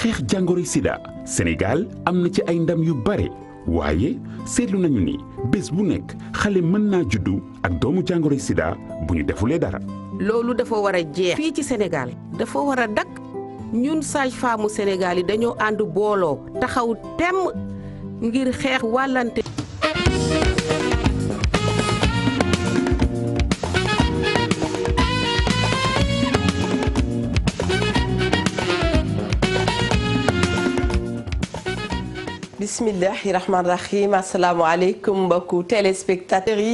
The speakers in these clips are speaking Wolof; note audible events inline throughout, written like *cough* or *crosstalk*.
xeex jàngoroy sida senegaal am na ci ay ndam yu bare waaye seetlu nañu ni bés bu nekk xale mën naa juddu ak doomu jàngoroy sida bu ñu defulee dara. loolu dafa war jeex. fii ci senegaal dafa war a dakk ñun sage-femme senegaal yi dañoo ànd booloo taxaw temm ngir xeex wàllante. bismillahi rahmaani rahim asalaamaaleykum mbokku téléspectateurs yi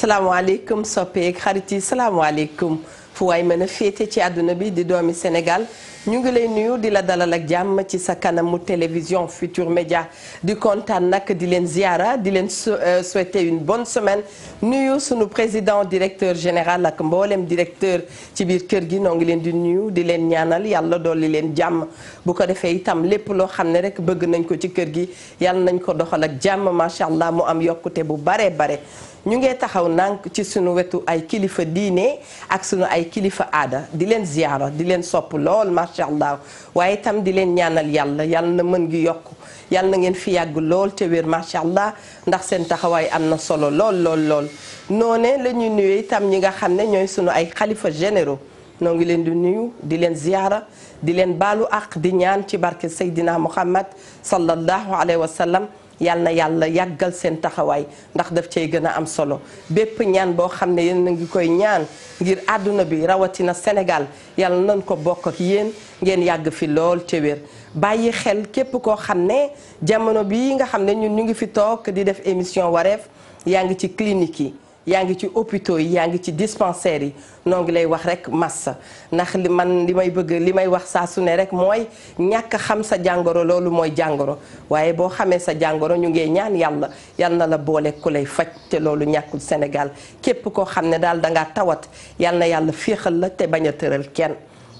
salaamaaleykum soppeek xarit yi salaamaaleykum fu waay mën a féete ci àdduna bi di doomi Sénégal. ñu ngi lay nuyu di la dalal ak jàmm ci sa kanamu télévision Futur Média di kontaan nag di leen ziara di leen euh, souhaiter une bonne semaine nuyu sunu président directeur général ak mboolem directeur ci biir kër gi noo ngi leen di nuyu di leen ñaanal yàlla dolli leen jàmm bu ko defee itam lépp loo xam ne rek bëgg nañ ko ci kër gi yàlla nañ ko doxal ak jàmm macha allah mu am yokkute bu baree bare ñu ngee taxaw nànk ci suñu wetu ay kilifa diine ak suñu ay kilifa aada di leen ziyaara di leen sopp lool macha allah waaye itam di leen ñaanal yàlla yàlla na mën gi yokk yàlla na ngeen fi yàgg lool te wér macha allah ndax seen taxawaay am na solo lool lool lool. noonee la ñuy nuyee itam ñi nga xam ne ñooy suñu ay xalifa généraux noo ngi leen di nuyu di leen ziyaara di leen baalu àq di ñaan ci barke Seydina Muhammad sallallahu alayhi wa sallam. yal na yàlla yàggal seen taxawaay ndax daf cee gën a am solo bépp ñaan boo xam ne yéen a ngi koy ñaan ngir àdduna bi rawatina Sénégal yàlla nañ ko bokk ak yéen ngeen yàgg fi lool ca wér bàyyi xel képp koo xam ne jamono bii nga xam ne ñun ñu ngi fi toog di def émission wareef yaa ngi ci clinique yi yaa ngi ci hôpitaux yi yaa ngi ci dispensaires yi noo ngi lay wax rek massa ndax li man li may bëgg li may wax saa su ne rek mooy ñàkk xam sa jàngoro loolu mooy jàngoro waaye boo xamee sa jàngoro ñu ngee ñaan yàlla yal na la boole ku lay faj te loolu ñàkkul Sénégal képp koo xam ne daal danga tawat yàlla na yàlla féexal la te bañ a tëral kenn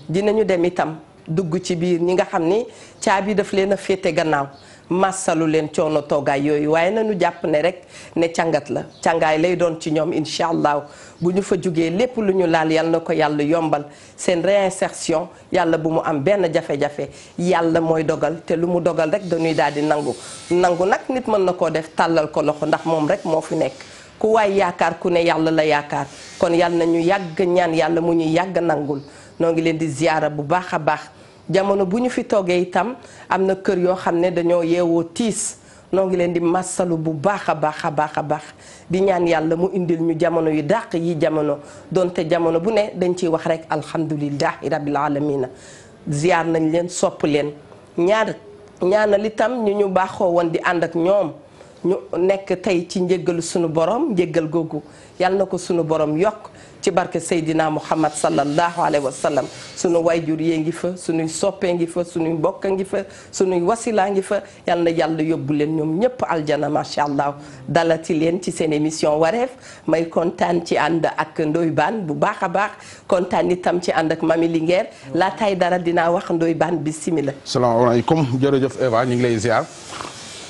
dinañu dem itam dugg ci biir ñi nga xam ni caabi daf leen féete gannaaw massalu leen coono toogaay yooyu waaye nañu jàpp ne rek ne càngat la càngaay lay doon ci ñoom incha allah bu ñu fa jógee lépp lu ñu laal yal na ko yàlla yombal seen réinsertion yàlla bu mu am benn jafe yàlla mooy dogal te lu mu dogal rek dañuy daal di nangu nangu nag nit mën na koo def tàllal ko loxo ndax moom rek moo fi nekk ku waay yaakaar ku ne yàlla la yaakaar kon yàlla na ñu yàgg ñaan yàlla mu ñuy yàgg nangul noo ngi leen di ziyaara bu baax a baax jamono bu ñu fi toogee itam am na kër yoo xam ne dañoo yeewoo tiis noo ngi leen di massalu bu baax a baax a baax a baax di ñaan yàlla mu indil ñu jamono yu dàq yi jamono donte jamono bu ne dañ ciy wax rek alhamdulillahi rabbil alamina ziar nañ leen sopp leen ñaar ñaanal itam ñu ñu baaxoo woon di ànd ak ñoom ñu nekk tey ci njëggalu suñu borom njëggal googu yàlla na ko suñu borom yokk ci barke Seydina Muhammad sallallahu alayhi wa sallam sunu wayjur yee ngi fa sunuy soppee ngi fa sunuy mbokk ngi fa sunuy wasilaa ngi fa yal na yàlla yóbbu leen ñoom ñëpp aljana macha allah dalati leen ci seen émission wareef may kontaan ci ànd ak Ndoye baan bu baax a baax kontaan itam ci ànd ak Mami Linguère laa tay dara dinaa wax Ndoye Bane bisimilah. salaamaaleykum jërëjëf Eva ñu ngi lay ziar.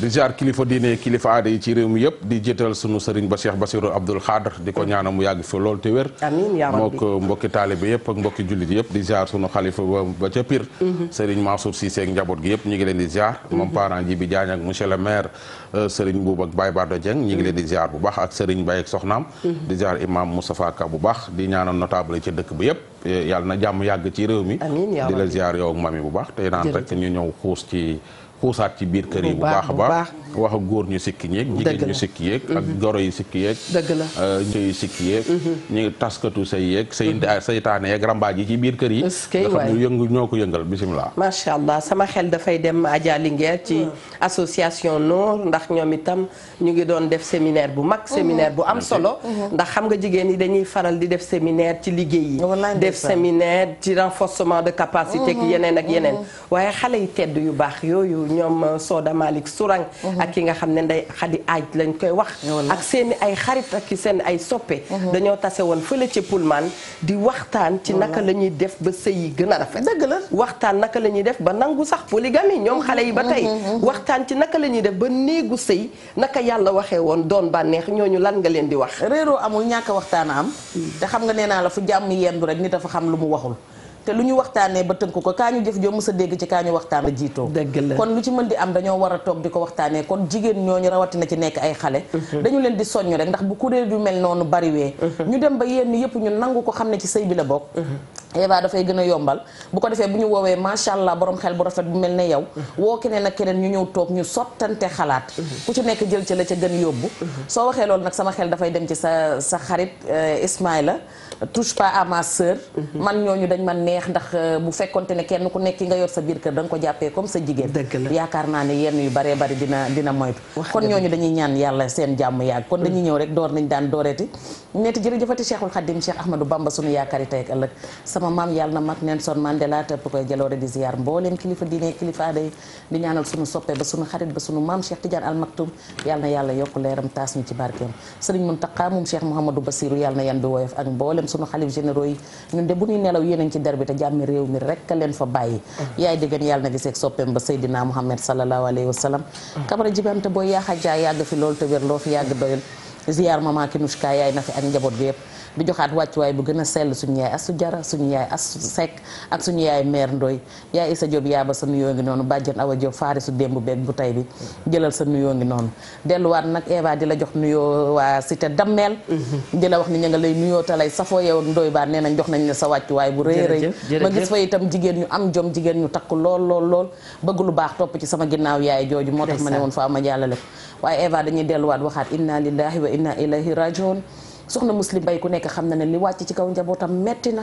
di jaar kilifa diine kilifa aada yi ci réew mi yëpp di jiital sunu sëriñ ba Cheikh Basirou Abdoul Khadr di ko ñaanal mu yàgg fi lool te wér. amiin yaa rabbi mook mbokki taalibe yëpp ak mbokki jullit yëpp di jaar sunu xalifa ba ca Pire. Mhm. sëriñ Mansour Cissé ak njaboot gi yëpp ñu ngi leen di jaar. Mhm. moom parent ji bi Diagne ak monsieur le maire euh, sëriñ Boub ak Baye Bardo Dieng ñu ngi leen di jaar bu baax ak sëriñ Baye ak soxnaam. Mhm. di jaar imam Moustapha Ka bu baax di ñaanal notable ci dëkk bi yëpp. yàlla na jàmm yàgg ci réew mi. la jaar yow ak bu baax tey naan rek ñu ñëw xuus ci xuusaat ci biir kër yi bu baax a baax góor ñu sikki ñeeg jigéen ñu sikki yeeg ak mhm. goro yu sikki yeeg dëgg la njëy euh, yu sikki yeeg mhm. ñu taskatu say yeeg say mhm. saytaane yeeg rambaaj yi ci biir kër yi nga xam ne yëngu ñoo ko yëngal bisimilah macha allah sama xel dafay dem Adja Linguère ci association Noor ndax ñoom itam ñu ngi doon def séminaire bu mag séminaire bu am solo ndax xam nga jigéen yi dañuy faral di def séminaire ci liggéey yi def séminaire ci renforcement de capacité yeneen ak yeneen ñoom euh, Soda Malick Sourang mhm. ak ki nga xam ne ndey xadi aj lañ koy wax ak seen ay xarit ak seen ay soppe mhm. dañoo tase woon fële ci Pullman di waxtaan ci naka la ñuy def ba sëy yi gën a rafet dëgg la waxtaan naka la ñuy def ba nangu sax polygamie ñoom xale yi ba tey mhm, waxtaan ci naka la ñuy def ba néegu sëy naka yàlla waxee woon doon bànneex ñooñu lan nga leen di wax réeroo amul ñàkk waxtaan am hmm. te xam nga nee naa la fu jàmm yendu rek ni dafa xam lu mu waxul te lu ñu waxtaanee ba tënk ko kaa ñu jëf joo mës a dégg ci kaa ñu waxtaan ba jiitoo kon lu ci mën di am dañoo war toog di ko waxtaanee kon jigéen ñooñu rawatina ci nekk ay xale mhm. dañu leen di soññ rek ndax bu kuréel yu mel noonu bariwee mhm. ñu dem ba yenn yëpp ñu nangu ko xam ne ci sëy bi la bokk mhm. Eva dafay yombal bu ko defee bu ñu woowee macha allah borom xel bu rafet bu mel ne yow woo keneen ak keneen ñu ñëw toog ñu sottante xalaat ku ci nekk jël ci la ca gën yóbbu soo waxee loolu nag sama xel dafay dem ci sa sa xarit euh, la touche pas à ma sœur. man ñooñu dañ ma neex ndax euh, bu fekkonte ne kenn ku nekk nga yor sa biir kër da nga ko jàppee comme sa jigéen. yaakaar naa ne yenn yu baree bari dina dina moytu. kon ñooñu dañuy ñaan yàlla seen jàmm yàgg. kon dañuy ñëw rek door nañ daan dooreeti. neeti jërëjëfati Cheikhul Khadim Cheikh Ahmadou Bamba sunu yaakaari tey ak ëllëg sama maam yàlla na mag Nelson Mandela tëpp koy jaloore di ziar mbooleem kilifa diine kilifa aday di ñaanal sunu soppe xarit ba sunu maam Cheikh Tidiane Al Maktoum yàlla na yàlla yokk leeram taas na yan bi woyof sunu xalif généraux yi ñun de bu ñuy nelaw yéen ci der bi te jàmmi réew mi rek a leen fa bàyyi uh-huh. yaay diggéen yàlla na giseeg soppeem ba Seydina Muhammad sallallahu alayhi wa sallam uh-huh. Kamara Jibante booy yaaxa jaay yàgg fi loolu te wér loo fi yàgg doyal ziar maman Kinouchka yaay na fi ak njaboot bi yëpp di joxaat wàccuwaay bu gën a sell suñu ba sa nuyoo ngi noonu bàjjen Awa Diop faari jëlal sa nuyoo ngi noonu delluwaat nag Eva di la jox nuyoo waa cité dammeel di la wax ni ña nga lay nuyoo te lay safoo yow ak ndoy baa nee nañ jox nañ la sa wàccuwaay bu rëy rëy ma gis fa itam jigéen ñu am jom jigéen ñu takk lool lool lool bëgg lu baax topp ci sama ginnaaw yaay jooju moo tax ma ne woon faa ma jàllale ko waaye Eva dañuy delluwaat waxaat inna lillahi wa inna ilayhi rajiun soxna muslim bay ku nekk xam na ne li wàcc ci kaw njabootam metti na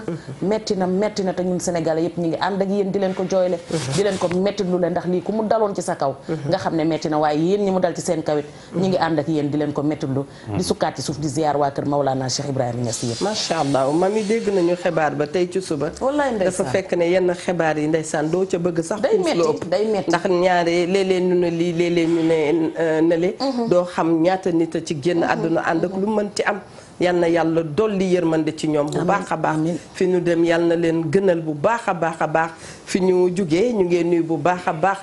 metti na metti na te ñun sénégalais yëpp ñu ngi ànd ak yéen di leen ko jooyle di leen ko metti lu leen ndax lii ku mu sa kaw nga xam ne metti na waaye yéen mu dal ci seen kawit ñu ngi ànd ak yéen di leen ko metti lu di sukkaat ci suuf di ziar waa kër Maulana Cheikh Ibrahima Niass yëpp macha allah mami dégg nañu xibaar ba tey ci suba wallaay ndeysaan dafa fekk ne yenn xibaar yi ndeysaan doo ca bëgg sax day metti day metti ndax ñaare léeg-léeg ñu ne lii léeg-léeg ñu ne euh, nale mhm. doo xam ñaata nit a ci génn àdduna ànd ak lu mën ci am yal na yàlla dolli yërmande ci ñoom bu baax a baax fi ñu dem yal na leen gënal bu baax a baax a baax fi ñu jógee ñu ngeen nuyu bu baax a baax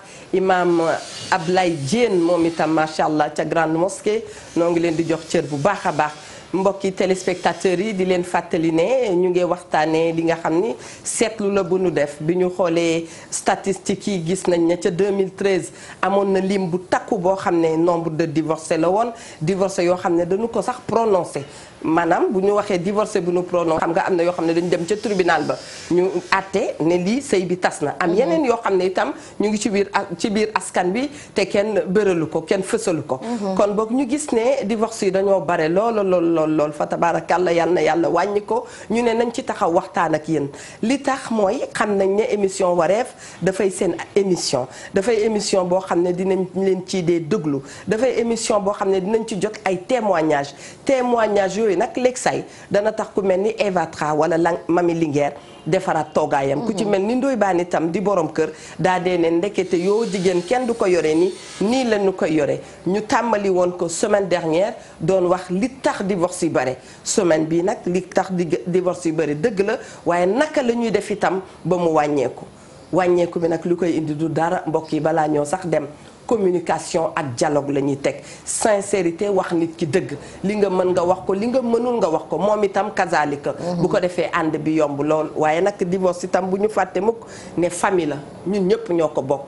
ab lay Diène moom itam macha allah ca grande mosquée noo ngi leen di jox cër bu baax a baax mbokki téléspectateurs yi di leen fàttali ne ñu ngi waxtaanee li nga xam ni seetlu la bu nu def bi ñu xoolee statistiques yi gis nañ ne ca 2013 amoon na lim bu takku boo xam ne nombre de divorcés la woon divorcés yoo xam ne dañu ko sax prononcé maanaam bu ñu waxee divorcé bu ñu prononcé xam nga am na yoo xam ne dañu dem ca tribunal ba ñu àtte ne lii sëy bi tas na am mhm. yeneen yoo xam ne itam ñu ngi ci biir ci biir askan bi te kenn bëralu ko kenn fësalu ko mhm. kon boog ñu gis ne divorce yi dañoo bare lool lool lool lool fa tabaarakàlla yal na yàlla wàññi ko ñu ne nañ ci taxaw waxtaan ak yéen li tax mooy xam nañ ne émission wareef dafay seen émission dafay émission boo xam ne dinañ leen ci dee déglu dafay émission boo xam ne dinañ ci jot ay témoignages témoignages yooyu nag léeg say dana tax ku mel ni Eva Tra wala la Mami Linguère defaraat toogaayam ku ci mhm. mel ni Ndoye Bane itam di borom kër daa dee ne ndekete yoo jigéen kenn du ko yore nii nii la ñu koy yore ñu tàmbali woon ko semaine dernière doon wax li tax divorce yi bare semaine bii nag li tax di divorce yi bare dëgg la waaye naka la ñuy def itam ba mu wàññeeku wàññeeku bi nag lu koy indi du dara mbokk yi balaa ñoo sax dem communication ak dialogue la ñuy teg sincérité wax nit ki dëgg li nga mën nga wax ko li nga mënul nga wax ko moom itam kazaalika mhm. bu ko defee ànd bi yomb lool waaye nag divorce itam bu ñu fàttee mukk ne famille la ñun ñëpp ñoo ko bokk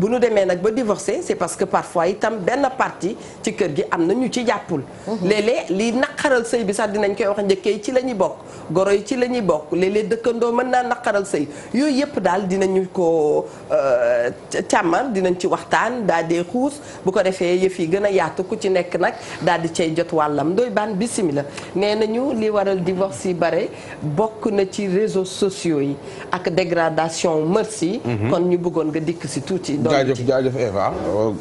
bu nu demee nag ba divorcé c'est parce que parfois itam benn partie ci kër gi am na ñu ci jàppul. Mhm. léeg-léeg li naqaral sëy bi sax dinañ koy wax njëkkee ci la ñuy bokk goro yi ci la ñuy bokk léeg-léeg dëkkandoo mën naa naqaral sëy yooyu yëpp daal dinañu ko euh, càmmal dinañ ci waxtaan daal di xuus bu ko defee yëf yi gën a yaatu ku ci nekk nag daal di cay jot wàllam ndoy baan bisimila nee nañu li waral divorce yi bare bokk na ci réseaux sociaux yi ak dégradation merci mhm. kon ñu bëggoon nga dikk si tuuti. jaajëf jaajëf Eva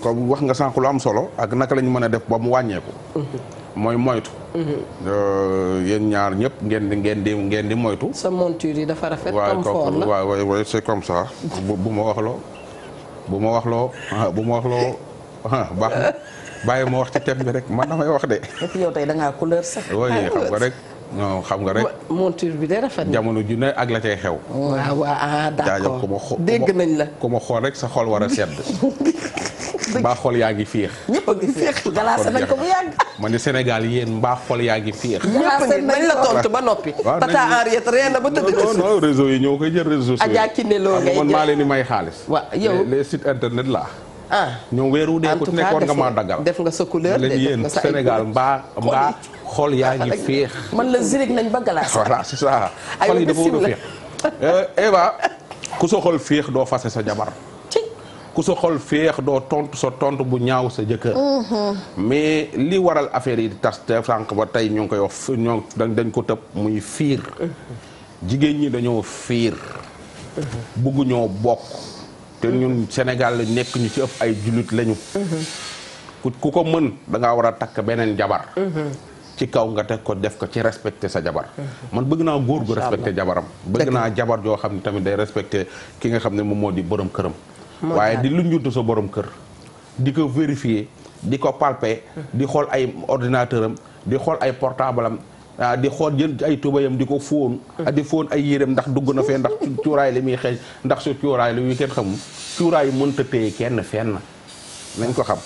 comme wax nga sànq lu am solo ak naka la ñu mën a def ba mu wàññeeku. Mhm. mooy moytu. Mhm. Euh, yéen ñaar ñëpp ngeen di ngeen di ngeen di moytu. sa monture yi dafa rafet. comme fort la bu ma wax loo bu ma wax loo ah, bu ma wax loo ah, baax na bàyyi ma wax ci thème bi rek man damay wax de. yow tey da ngaa couleur sax. xam nga rek. non xam nga rek monture bi de rafet jamono ju ne ak la cay xew. waaw waaw ah, d'accord dégg nañ la ku ma xool rek sa xol war a sedd. *laughs* mbaa xol yaggi ngi fiix. ñëpp a ngi fiix ko bu yàgg. *laughs* ma ne Sénégal yéen mbaa xol yaa ngi fiix. galaase nañ la tontu ba noppi. waaw nañ la Henriette ree na ba tëdd ci non yi ñoo koy jël réseaux sociaux. Adja Kine loo maa leen di may xaalis. waaw yow les sites internet laa. ah ñoom weeru dee ku nekkoon nga maa daggal def nga sa couleur de def nga sa ay Sénégal mbaa mbaa xool yaa ngi féex. man la zirig nañ ba galaas. *laughs* voilà c'est ça xool yi dafa wut a féex. Eh, Eva ku sa xol féex doo fase sa jabar. ku sa xol féex doo tontu sa tontu bu ñaaw sa jëkkër. Mm-hmm. mais li waral affaire yi di tas te sànq ba tey ñu ngi koy wax ñoom dañ ko tëb muy fiir mm-hmm. jigéen ñi dañoo fiir. Mm-hmm. bugg ñoo bokk. te ñun Sénégal nekkuñu ñu ci ëpp ay jullit lañu. ku ko mën da ngaa war a takk beneen jabar. ci kaw nga teg ko def ko ci respecté sa jabar man bëgg naa góor gu respecté jabaram bëgg naa jabar joo xam ne tamit day respecté ki nga xam ne moom moo di borom këram waaye di lu njuntu sa borom kër di ko vérifier di ko palper di xool ay ordinateur am di xool ay portable am Ah, di xool jënd ay tubayam di ko fóon ah, di fóon ay yéreem ndax dugg na fee ndax cuuraay li muy xeeñ ndax su cuuraay li muy kenn xamul cuuraay mënta téye kenn fenn nañ ko xam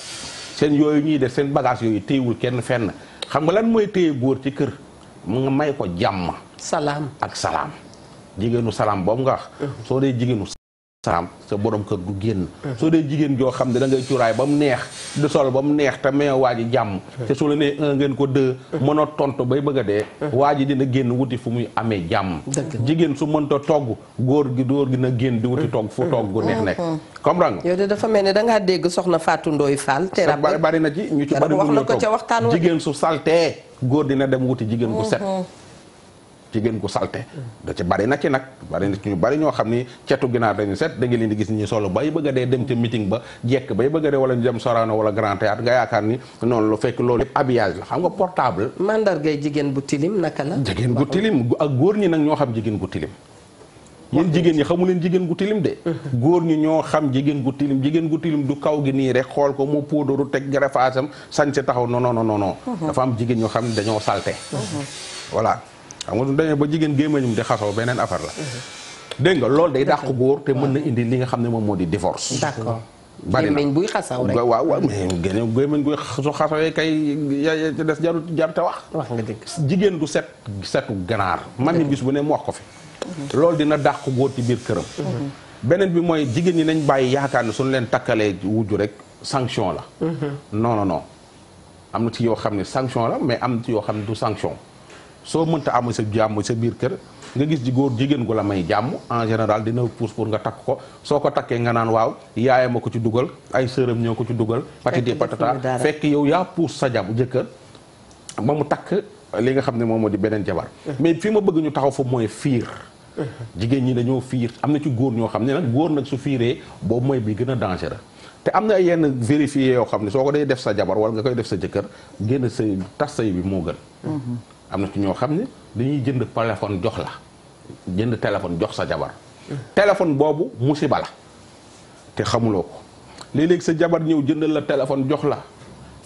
seen yooyu ñuy def seen bagage yooyu téyewul kenn fenn xam nga lan mooy téye góor ci kër mu nga may ko jàmm salaam ak salaam jigéenu salaam boobu nga wax uh-huh. soo dee jigéenu saam sa boroom kër du génn soo dee jigéen joo xam ne da ngay cuuraay ba mu neex di sol ba mu neex te mee waa ji jàmm te su la nee ngeen ko deux mën a tontu bay bëgg dee waa ji dina génn wuti fu muy amee jàmm jigéen su mënta togg góor gi dóor gi na génn di wuti mm. togg fu togg gu neex mm-hmm. nekk comprendre nga de dafa mel ne dangaa dégg soxna Fatou Ndoye Fall te bari na ci ñu ci bari wax na ko ca waxtaan jigéen su saltee góor dina dem wuti jigéen gu set mm-hmm. ci gën ko salte da ci bari na ci nag bari na ci ñu bari ñoo xam ni cetu ginaar dañu set da nga leen di gis ñi solo bay bëgg a dee dem ca meeting ba jekk bay bëgg a dee wala ñu dem Sorano wala Grand Théâtre nga yaakaar ni noonu lu fekk loolu yëpp habillage la xam nga portable mandargay jigéen bu tilim naka la jigéen gu tilim ak góor ñi nag ñoo xam jigéen gu tilim yéen ñi xamu leen jigéen gu tilim de mm-hmm. góor ñi ñoo xam jigéen gu tilim jigéen gu tilim du kaw gi nii rek xool ko mu póodaru teg garafaasam sañ sa taxaw non non non non mm-hmm. dafa am jigéen ñoo xam ne dañoo salte mm-hmm. voilà xam nga suñu ba jigéen gémmañum di xasoo beneen affaire la dégg nga loolu day dàq góor te mën na indi li nga xam ne moom moo di divorce d'accord bari na gémmañ buy xasaw rek waaw waaw mais gémmañ buy su xasawee kay ya ci des jarut jarut wax wax nga dëgg jigéen du set setu ganaar man ni bis bu ne mu wax ko fi loolu dina dàq góor ci biir këram beneen bi mooy jigéen ñi nañ bàyyi yaakaar ne suñu leen takkalee wujju rek sanction la mhm. non non non am na ci yoo xam ne sanction la mais am na ci yoo xam ne du sanction soo mënta am sa jàmm sa biir kër nga gis ji góor jigéen gu la may jàmm en général dina pousse pour nga takk ko soo ko takkee nga naan waaw yaayam a ko ci dugal ay sëram ñëw ko ci dugal patiti patata fekk yow yaa pousse sa jàmm jëkkër ba mu takk li nga xam ne moom moo di beneen jabar uh-huh. mais fi ma bëgg ñu taxaw fa mooy fiir uh-huh. jigéen ñi dañoo fiir am na ci góor ñoo xam ne nag góor nag su fiiree boobu mooy bi gën a dangereux te am na ay yenn vérifié yoo xam ne soo ko dee def sa jabar wala nga koy def sa jëkkër génn say tas say bi moo gën uh-huh. am na ci ñoo xam ne dañuy jënd téléphone jox la jënd téléphone jox sa jabar téléphone boobu musiba la te xamuloo ko léeg-léeg sa jabar ñëw jëndal la téléphone jox la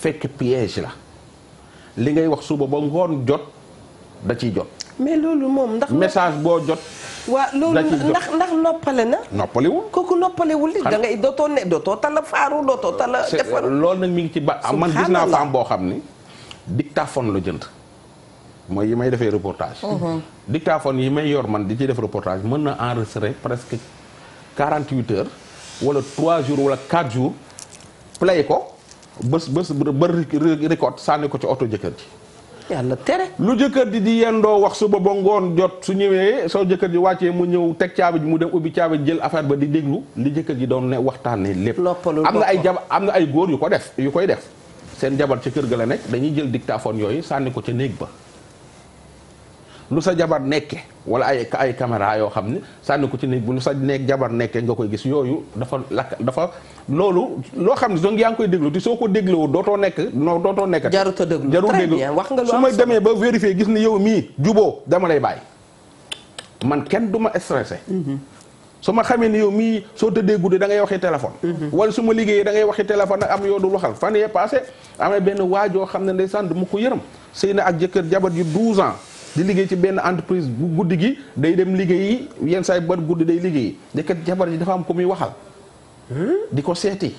fekk piège la li ngay wax suba ba ngoon jot da ciy jot mais loolu moom ndax message boo jot waa loolu ndax ndax noppale na noppalewul kooku noppalewul li da ngay dootoo ne dootoo tala faaru dootoo tala defar loolu nag mi ngi ci ba man gis naa faam boo xam ni dictaphone la jënd mooy yi may defee reportage. Mhm. dictaphone yi may yor man di ci def reportage mën na en enregistrer presque 48 heures wala 3 jours wala 4 jours play ko bës ba ba ba record sànni ko ci oto jëkkër ji. yàlla tere. lu jëkkër ji di yendoo wax suba ba ngoon jot su ñëwee soo jëkkër ji wàccee mu ñëw teg caabi ji mu dem ubbi caabi jël affaire ba di déglu lu jëkkër ji doon ne waxtaanee lépp. am na ay jab am na ay góor yu ko def yu koy def. seen jabar ci kër ga la nekk dañuy jël dictaphone yooyu sànni ko ca néeg ba. lu sa jabar nekke wala ay ay caméra yoo xam ne sànni ko ci néeg bi lu sa nekk jabar nekke nga koy gis yooyu dafa lakk dafa loolu loo xam ne donc yaa ngi koy déglu te soo ko dégluwul dootoo nekk non dootoo nekk. jarut a déglu jarut wax nga lu su demee ba vérifier gis ne yow mii juboo dama lay bàyyi man kenn du ma stressé. Mhm. su ma xamee ne yow mii soo tëddee guddi da ngay waxi téléphone. Mhm. wala su ma liggéeyee da ngay waxi téléphone nag am yoo dul waxal fan yee passé amee benn waajoo xam ne ndeysaan du ma ko yërëm sëy na ak jëkkër jabar ji 12 ans. di liggéey ci benn entreprise bu guddi gi day dem liggéeyi yenn saay ba guddi day liggéeyi nekkat jabar ji dafa am ko muy waxal di ko seeti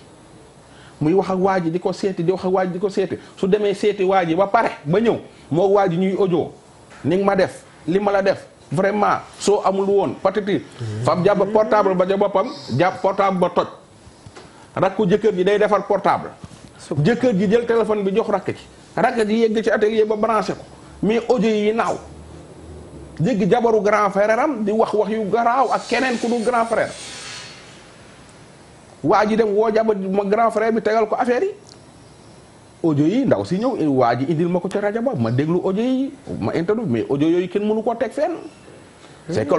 muy wax ak waa ji di ko seeti di wax waaj di ko seeti su demee seeti waa ji ba pare ba ñëw moo waa ji ñuy ojo ni nga ma def li ma la def vraiment soo amul woon patati fam jàpp portable ba ja boppam jàpp portable ba toj rakku jëkkër ji day defal portable jëkkër ji jël téléphone bi jox rakk ji rakk ji yegg ci atelier ba branché ko mais audio yi naaw dégg jabaru grand frère am di wax wax yu garaaw ak keneen ku dul grand frère waa ji dem woo jabar ma grand frère bi tegal ko affaire yi audio yi ndaw si ñëw eh, waa ji indil ma ko ci rajo ba ma déglu audio yi ma interview mais audio yooyu kenn mënu koo teg fenn c'est que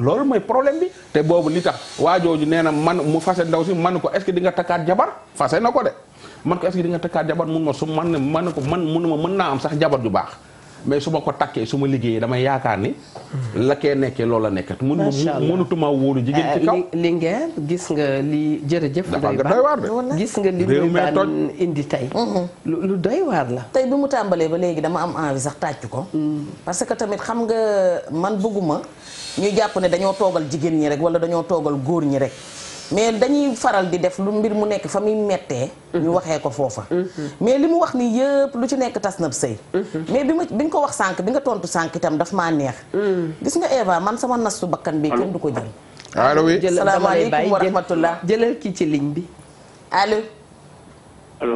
loolu mooy problème bi te boobu li tax waa jooju nee na man mu fase ndaw si man ko est-ce nga takkaat jabar fase na ko de man ko est-ce que di nga takkaat jabar mun ma su man ko man munuma mën naa am sax jabar ju baax mais su ma ko takkee su ma liggéeyee damay yaakaar ni. la kee nekkee loola nekkat. macha allah mënutuma wóolu jigéen ci eh, kaw. li ngeen gis nga li jërëjëf. doy waar de gis nga li muy indi tey. Mm-hmm. lu doy waar la. tey bi mu tàmbalee ba léegi dama am envie sax tàcc ko. Mm. parce que tamit xam nga man bëgguma ñu jàpp ne dañoo toogal jigéen ñi rek wala dañoo toogal góor ñi rek. mais dañuy faral di def lu mbir mu nekk fa muy mettee ñu waxee ko foofa mais li mu wax nii yëpp lu ci nekk tas na sëy mais bi ma bi nga ko wax sànq bi nga tontu sànq itam daf maa neex gis nga Eva man sama nastu bakkan bi kenn du ko jël allo oui salaamaaleykum wa rahmatullah jëlal ki ci ligne bi allo allo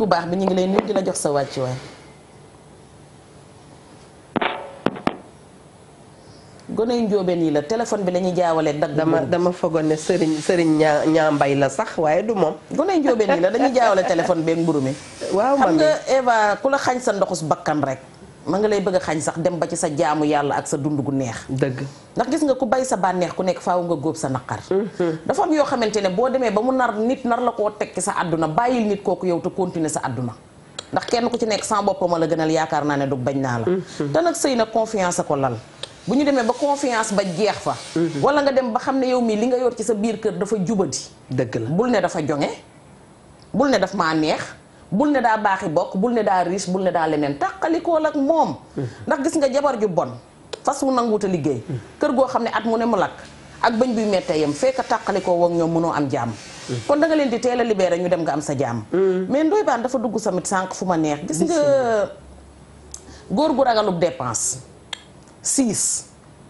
bu baax bi ñu ngi lay nuyu di la jox sa wàccuwaay gone yu njóobeen yi la téléphone bi lañuy ñuy jaawale dagg. dama dama fogoon ne Serigne Serigne ñaa ñaambay la sax waaye du moom. gone yu njóobeen yi la dañuy jaawale téléphone beeg mburu mi. waaw mami nga Eva ku la xañ sa ndoxus bakkan rek. ma nga lay bëgg xañ sax dem ba ci sa jaamu yàlla ak sa dund gu neex. dëgg ndax gis nga ku bay sa bànneex ku nekk faaw nga góob sa naqar. Mhm. dafa yoo xamante ne boo demee ba mu nar nit nar la koo tekki sa àdduna bàyyil nit kooku yow te continuer sa àdduna. ndax kenn ku ci nekk sans boppam la gënal yaakaar naa ne du bañ naa la. Mhm. te nag na confiance ko lal bu ñu demee ba confiance ba jeex fa mhm. wala nga dem ba xam ne yow mii li nga yor ci sa biir kër dafa jubadi dëgg la bul ne dafa jonge bul ne daf maa neex bul ne daa baaxi bokk bul ne daa riche bul ne daa leneen tàqalikool lag moom mhm. ndax gis nga jabar ju bon fas wu nanguwut a liggéey mhm. kër goo xam ne at mu ne mu lakk ak bañ buy mettee yam fekk tàqalikoo woog ñoom mënoo am jàmm kon da leen di teel a libéré ñu dem nga am sa jàmm mais ndoy baan dafa dugg samit sànq fu ma neex gis nga góor gu ragalub dépense siis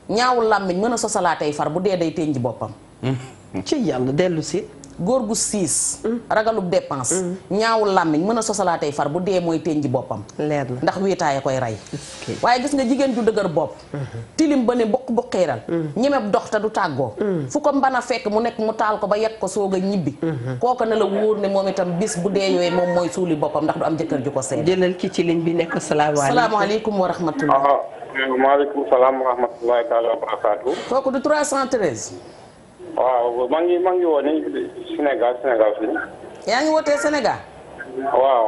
ñaawul làmmiñ mën a sosalaatey far bu dee day tënj boppam. *laughs* ci yàlla dellu si. góor gu siis. Mm. ragalub dépense. Mm. ñaawul làmmiñ mën a sosalaatey far bu dee mooy tënj boppam. leer na ndax wiitaaya koy rey. waaye gis nga jigéen ju dëgër bopp. Mm-hmm. tilim ba ne bokk bokkeeral. Mm. ñemeb dox te du tàggoo. fu ko mban a fekk mu nekk mu taal ko ba yegg ko soog a ñibbi. Mm-hmm. kooka na la wóor ne moom itam bis bu dee yooyu moom mooy suuli boppam ndax du am jëkkër ju ko seet. jëlal ki ci ligne bi nekk salaamaaleykum salaamaaleykum wa rahmatullah. maaleykum salaam wa rahmatullahi taala wa waaw maa ngi maa ngi woon Sénégal Sénégal fii. yaa ngi wootee Sénégal. waaw.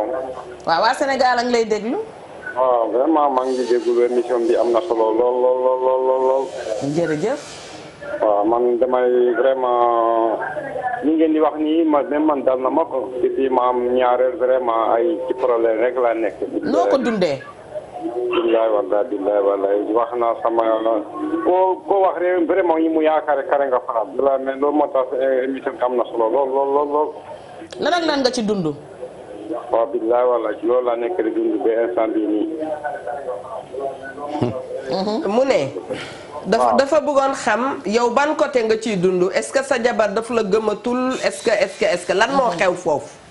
waaw waa Sénégal a ngi lay déglu. waaw vraiment ngi déglu émission bi am na solo lool lool lool lool lool. jërëjëf. waaw man damay vraiment li ngeen di wax nii ma même dal na ma ko. depuis ma am ñaareel vraiment ay ci problème rek laa nekk. noo ko dundee. billaay wallaay billaay wallaay wax naa sama koo koo wax rek vraiment mu yaakaare kare nga faral di mais loolu moo tax eh, émission bi am na solo lool lool lan ak ci dund. waaw loolu laa nekk di dund ba instant bii nii. Mhm. mu ne. dafa dafa bëggoon xam yow ban côté nga ciy dund est-ce que sa jabar daf la gëmatul est-ce que lan moo mhm. xew foofu.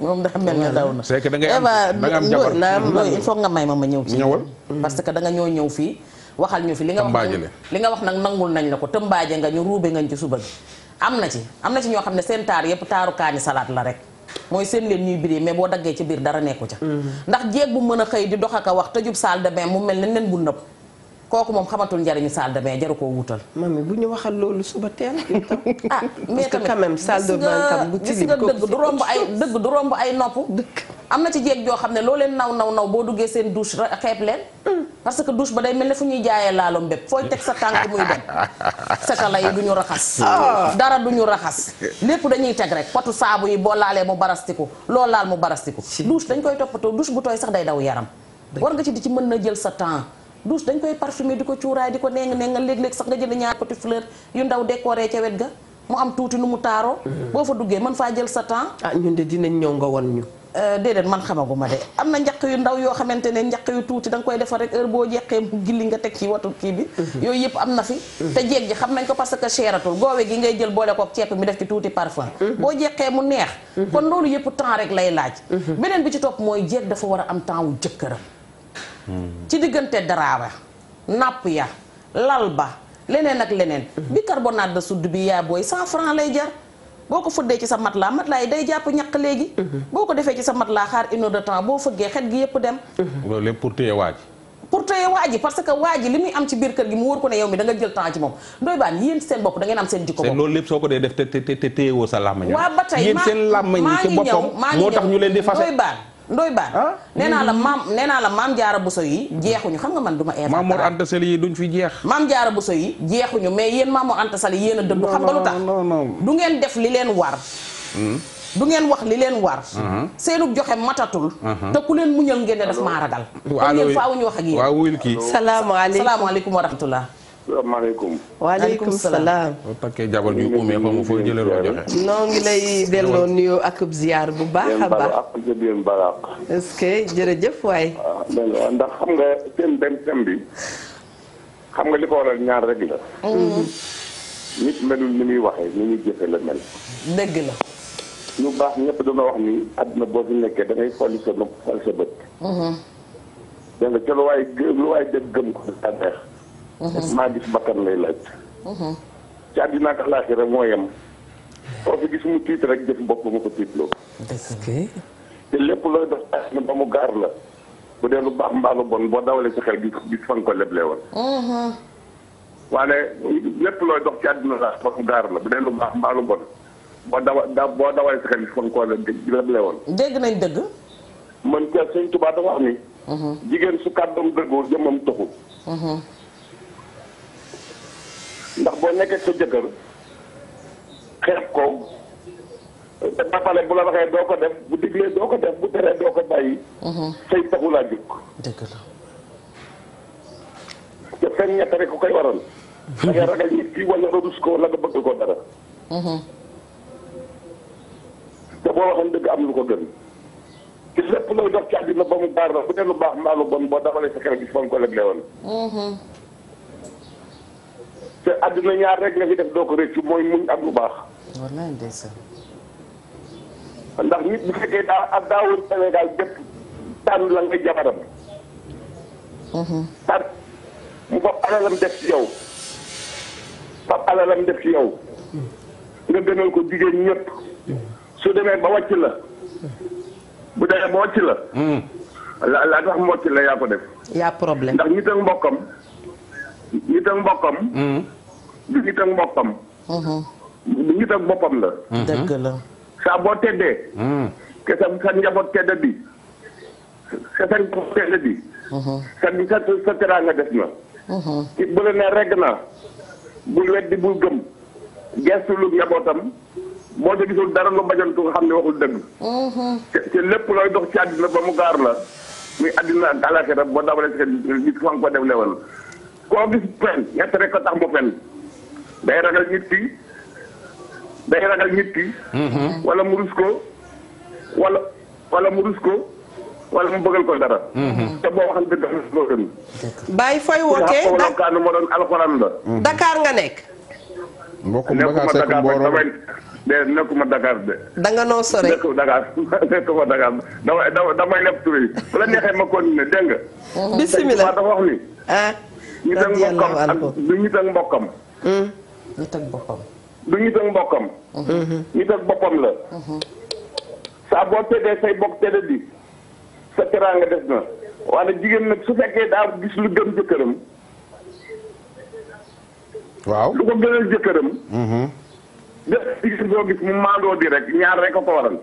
moom dafa mel ne daw na. c'est que da ngay am da nga am jabar nga may ma ma ñëw ci. ñëwal parce que da nga ñoo ñëw fii. waxal ñu fi li nga wax li nga wax nag nangul nañ la ko tëmbaaje nga ñu ruube ngañ ci suba gi. am na ci am na ci ñoo xam ne seen taar yëpp taaru kaani salaat la rek mooy seen leen ñuy biree mais boo daggee ci biir dara nekku ca. Mm. ndax jéeg bu mën a xëy di dox ak a wax tëjub salle de bain mu mel ne nen bu nëb. kooku moom xamatul njariñu salle de bain jaru koo wutal. mami bu ñu waxal loolu suba teel. *laughs* ah mais tamit parce que quand même salle de bain tam bu nga du romb ay dëgg du romb ay nopp. dëgg am na ci jéeg joo xam ne loo leen naw naw naw boo duggee seen douche xeeb leen. Mm. parce que douche ba day mel ne fu ñuy jaayee laaloom bépp fooy teg sa tànk muy dem. satala *laughs* yi du ñu raxas. Ah. dara du ñu raxas. lépp dañuy teg rek potu saabu yi boo laalee mu barastiku loo laal mu barastiku. douche dañ koy toppatoo douche bu tooy sax day daw yaram. douche dañ koy parfumer di ko cuuraay di ko neng nengal léeg-léeg sax nga jënd ñaar petit fleur yu ndaw décoré ca wet ga mu am tuuti nu mu taaroo. Mhm. boo fa duggee mën faa jël sa temps. ah ñun de dinañ ñëw nga wan ñu. Euh, déedéet man xamaguma de am na njaq yu ndaw yoo xamante ne njaq yu tuuti da koy defar rek heure boo jeexee mu gilli nga teg ci watu kii bi. Mhm. yooyu yëpp am na fi. Mhm. te jeeg ji xam nañ ko parce que seeratul goowe gi ngay jël boole kook ceeb mi def ci tuuti parfum. boo jeexee mu neex. kon loolu yëpp temps rek lay laaj. beneen bi ci topp mooy jeeg dafa war a am temps wu jëkkëram. ci diggante daraara napp ya lal ba leneen ak leneen bicarbonate de soude bi yaa booy cent franc lay jar boo ko fëddee ci sa matelas matelas yi day jàpp ñaq léegi boo ko defee ci sa matelas xaar une heure de temps boo fëggee xet gi yépp dem loolu lépp pour téye waaj pour téye waa ji parce que waa li muy am ci biir kër gi mu wóor ko ne yow mi da jël temps ci moom doy baan yéen seen bopp da am seen jikko bopp loolu lépp soo ko dee def te te te téyewoo moo tax ñu leen di fase doy ndoy baan ah? nee naa la mm-hmm. maam nee naa la maam jaara boso yi jeexuñu xam nga man du ma eer maam Mor Anta Sali yi duñ fi jeex maam jaara boso yi jeexuñu mais yéen maam Mor Anta Sali yéen a dëddu xam nga lu tax du ngeen def li leen war hmm? du ngeen wax li leen war hmm? seenu joxe matatul hmm? te ku leen muñal ngeen ne daf maa ragal kon ngeen faaw ñu wax ak yéen salaamaaleykum salaamaaleykum wa rahmatullah asalaamaaleykum. waaleykum salaam. pakkee jabal bi uumee ko mu foo jëlee loo joxe. lay delloo nuyoo akub ziar bu baax a baax. est-ce que jërëjëf waay. ndax xam nga seen benn thème xam nga li ko waral ñaar rek la. Mm-hmm. nit melul ni muy waxee ni muy jëfe la mel. dëgg la. ñu baax ñëpp dama wax ni àdduna boo fi nekkee da ngay folli sa nopp folli sa bët. Mm-hmm. dégg ca lu waay lu waay def gëm ko sa neex. Mhm. maa gis bakkan lay laaj. Mhm. ci àddina ak àllaaxira moo yem. koo fi gis mu tiit rek jëf bopp ma ko tiitloo. te lépp looy dox àddina ba mu gaar la. bu dee lu baax mbaa lu bon boo dawalee sa xel gis fa nga ko leblee woon. Mhm. waane lépp looy dox ci àddina la ba mu gaar baax mbaa lu bon da boo dawalee sa ko woon. dégg nañ dëgg. man ca sëñ Tuubaa dafa am ni. jigéen su kàddoom dëggoo jëmmam taxul. ndax boo nekkee sa jëkkër xeeb ko te bu la waxee doo ko def bu diglee doo ko def bu teree doo ko bàyyi. Mhm. say taxu laa jóg. dëgg la. te fenn ñett ku koy waral. da ngay ragal nit ki wala ko wala nga bëgg ko dara. Mhm. te boo waxoon dëgg am lu ko gën. ci lépp looy dox ci àddina ba mu lu baax mbaa lu bon boo dafalee sa xel gis fa nga ko lëglee woon. Mhm. te àdduna ñaar rek nga fi def doo ko rëccu mooy muñ ak lu baax. ndax nit bu fekkee daa ak daawul Sénégal bépp tànn la nga jabaram. mu mhm. fab alalam def ci yow fab alalam def ci yow. nga gënal ko jigéen ñëpp. su demee ba wàcc la. bu demee ba wàcc la. Mm. la la tax mu wàcc la yaa ko def. yaa problème ndax nit ak mbokkam. nit ak mbokkam. Hmm. du nit ak mbokkam. Hmm. du ak boppam la. Hmm. dëgg la. saa boo teddee. ke sa sa njaboot tedd bi. sa sa teraanga des na. ci bu la ne na bul weddi bul gëm gestu lu njabootam boo te gisul dara lu bajantu nga xam ne waxul dëgg. te lépp looy dox ci àddina ba mu gaar la muy àddina ak àllaaxira boo dabalee si nit ki ko def lewal koo gis fen ñett rek ko tax mu fen day ragal nit ki day ragal nit ki mhm. wala mu rus ko wala mu rus ko wala bëggal ko dara mhm. bàyyi fooy wootee walokaan ma doon alxuraan la Dakar nga nekk nekkuma Dakar damay de nekkuma Dakar de da nga *laughs* damay damay lépp tur yi la neexee ma continuer dégg nga bisimilah ñu teg mbokkam ak du ñu teg mbokkam. Hmm. ñu teg boppam. du ñu teg mbokkam. Hmm. ñu teg boppam la. Hmm. saa boo tëddee say bokk tëdd di sa teraanga des na wala jigéen nag su fekkee daa gis lu gën jëkkëram. waaw lu ko gënal jëkkëram. de jigéen boo gis mu maandoo di rek ñaar rek a ko waral.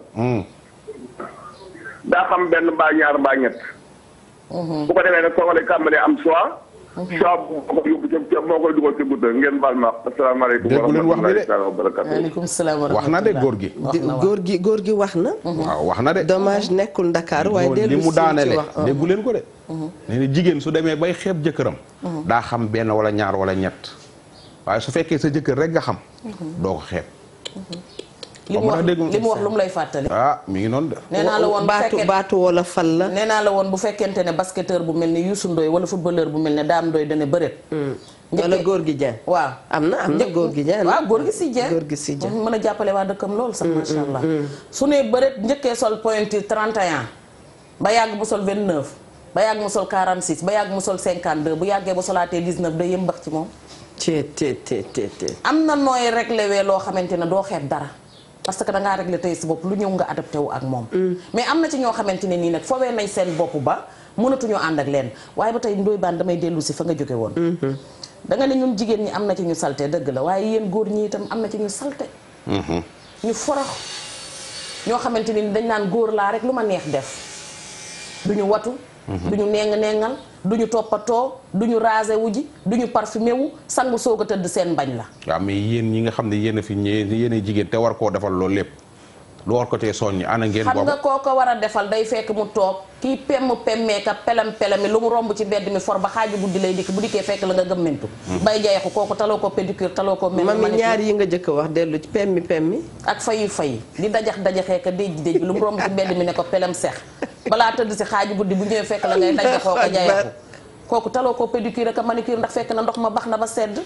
daa xam benn baa ñaar baa ñett. bu ko defee nag soo ko lay tàmbalee am choix. saabu moo ko yóbbu ca moo wax de waaleykum salaam wa wax na de góor gi. góor gi góor gi wax na. Mhm. wax na de. dommage nekkul Ndakaaru waaye. dellu li mu daanele mhm. déggu leen ko de. Mhm. nee jigéen su demee bay xeeb jëkkëram. daa xam benn wala ñaar wala ñett waaye su fekkee sa jëkkër rek nga xam. doo ko xeeb. li mu wax li lu mu lay fàttali. ah mi ngi noonu de. nee naa la woon bu fekkee baatu wala fal la. nee naa la woon bu fekkente ne basketteur bu mel ne Youssou Ndoye wala footballeur bu mel ne Dame Ndoye dana bëreet. Hmm. wala góor gi Dieng. waaw am na am na gi Dieng. waaw si Dieng gi si Dieng. mën a jàppale waa dëkkam loolu sax hmm, macha hmm, allah. su nee bëreet njëkkee sol pointe 31. ba yàgg bu sol 29. ba yàgg mu sol 46 ba yàgg mu sol 52 bu yàggee ba solaatee 19 day yëmbax ci moom. te am na nooy réglé wee loo xamante ne doo xeeb dara parce que da ngaa réglé tey si bopp lu ñëw nga adapté wu ak moom. Mm. mais am na ci ñoo xamante ne nii nag foowee nañ seen bopp ba mënatuñoo ànd ak leen waaye ba tey ndoy baan damay dellu si fa nga jóge woon. Mm-hmm. danga nga ne ñun jigéen ñi am na ci ñu salte dëgg la waaye yéen góor ñi itam am na ci ñu salte. Mm-hmm. ñu forox ñoo xamante ni dañ naan góor laa rek lu ma neex def duñu watu. Mm-hmm. du ñu neng nengal du ñu toppatoo du ñu rasé wu ji du ñu parfumé wu sangu soog a tëdd seen bañ la. waaw mais yéen ñi nga xam ne yéen fi ñëwee yéen a jigéen te war koo defal loolu lépp lu war ko tee soññ ana ngeen. boobu xam nga koo ko war a defal day fekk mu toog kii pemm pemmee ka pelam pelami lu mu romb ci bedd mi for ba xaaju guddi lay dikk bu dikkee fekk la nga gëm mentu. Mm-hmm. bay jayaxu kooku taloo ko pédicure taloo ko. mel ni ñaar yi nga jëkk wax dellu ci pemmi pemmi. ak fayu fay di dajax dajaxee ka déj lu mu romb ci mbedd ne ko pelam seex balaa tëdd si xaaju guddi bu ñëwee fekk la ngay daj koo ko jayeeku kooku taloo ko pédicure ak manicure ndax fekk na ndox ma bax na ba sedd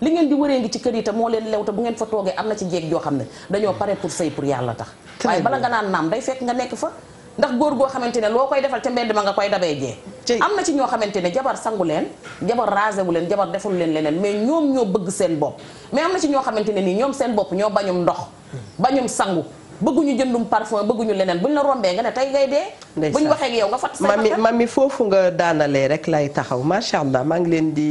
li ngeen di wëree ngi ci kër yi te moo leen lew bu ngeen fa toogee am na ci jéeg joo xam ne dañoo pare pour sëy tax waaye bala nga naan naam day fekk nga nekk fa ndax góor goo xamante ne loo koy defal ca mbedd ma nga koy dabee jee am na ci ñoo xamante ne jabar sangu leen jabar rasé wu leen jabar deful leen leneen mais ñoom ñoo bëgg seen bopp mais am na ci ñoo xamante ne nii ñoom seen bopp ñoo bañum ndox bañum sangu bëgguñu jëndum parfum bëgguñu leneen buñ la rombee nga ne tey ngay dee buñ waxee ak yow nga fat mami mami foofu nga daanalee rek lay taxaw macha allah maa ngi leen di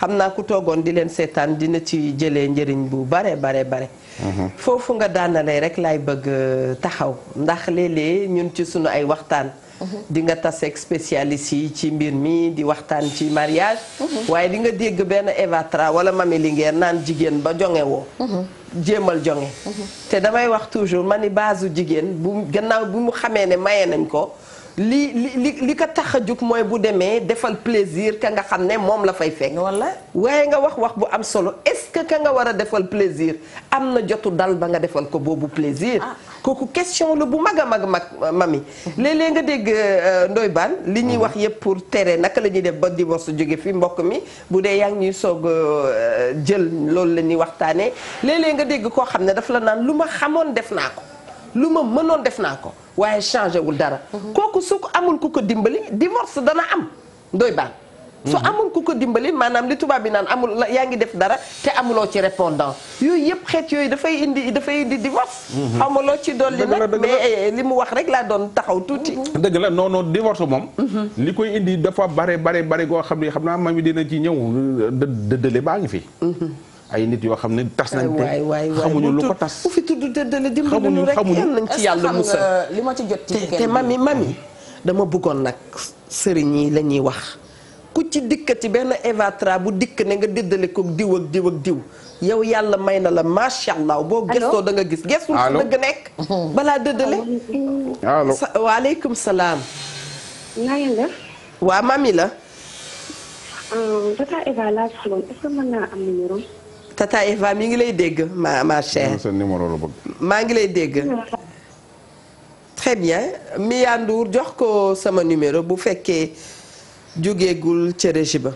xam naa ku toogoon di leen seetaan dina ci jëlee njëriñ bu bare bare bare mhm. foofu nga daanalee rek lay bëgg euh, taxaw ndax léeg-léeg ñun ci suñu ay waxtaan mhm. di nga taseeg spécialiste yi ci mbir mi di waxtaan ci mariage mhm. waaye di nga dégg benn Eva Tra wala mami Linguère naan jigéen ba jonge jéemal jonge mhm. te damay wax toujours ma ni baasu jigéen bu gannaaw bi mu xamee ne maye nañ ko li li li ko tax a jug mooy bu demee defal plaisir ka nga xam ne moom la fay fekk. wala waaye nga wax wax bu am solo est-ce que ka nga war a defal plaisir am na jotu dal ba nga defal ko boobu plaisir. Ah, ah. kooku question la bu mag a mag mag mami léeg-léeg nga dégg euh, ndoy baan li ñuy wax yëpp pour tere naka la ñuy def ba divorce jóge fi mbokk mi bu dee yaa ngi ñuy soog euh, jël loolu la ñuy waxtaanee léeg nga dégg koo xam ne dafa la naan lu ma xamoon def naa ko lu ma mënoon def naa ko waaye changé wul dara mm-hmm. kooku su ko amul ku ko dimbali divorce dana am ndoy baan su mhm. amul ku ko dimbali maanaam li tubaab bi naan amul yaa ngi def dara te amuloo ci répondant yooyu yëpp xeet yooyu dafay indi dafay indi divorce mhm. xaw ma ci dolli nag mais eh, li mu wax rek laa doon taxaw tuuti mhm. dëgg la non non divorce moom li koy indi dafa bare bare bare goo xam ne xam naa mami dina ci ñëw dëddale baa ngi fi ay nit yoo xam ne tas nañ te xamuñu lu ko tas ku fi tudd dëddale dimbali ñu rek yal nañ ci yàlla musal li ma ci jot ci te mami mami dama bëggoon nag sëriñ yi la ñuy wax ku ci dikkati benn évatra bu dikk ne nga déddale ko ak diw ak diw yow yàlla may na la macha allah boo gëstoo da nga gis gëstul sa dëgg nekk *laughs* balaa dëddale allo salaam euh, naa am numéro tata Eva mi ngi lay dégg maa ngi lay dégg très bien Mia Ndour jox ko sama numéro bu fekkee jógeegul céréji ba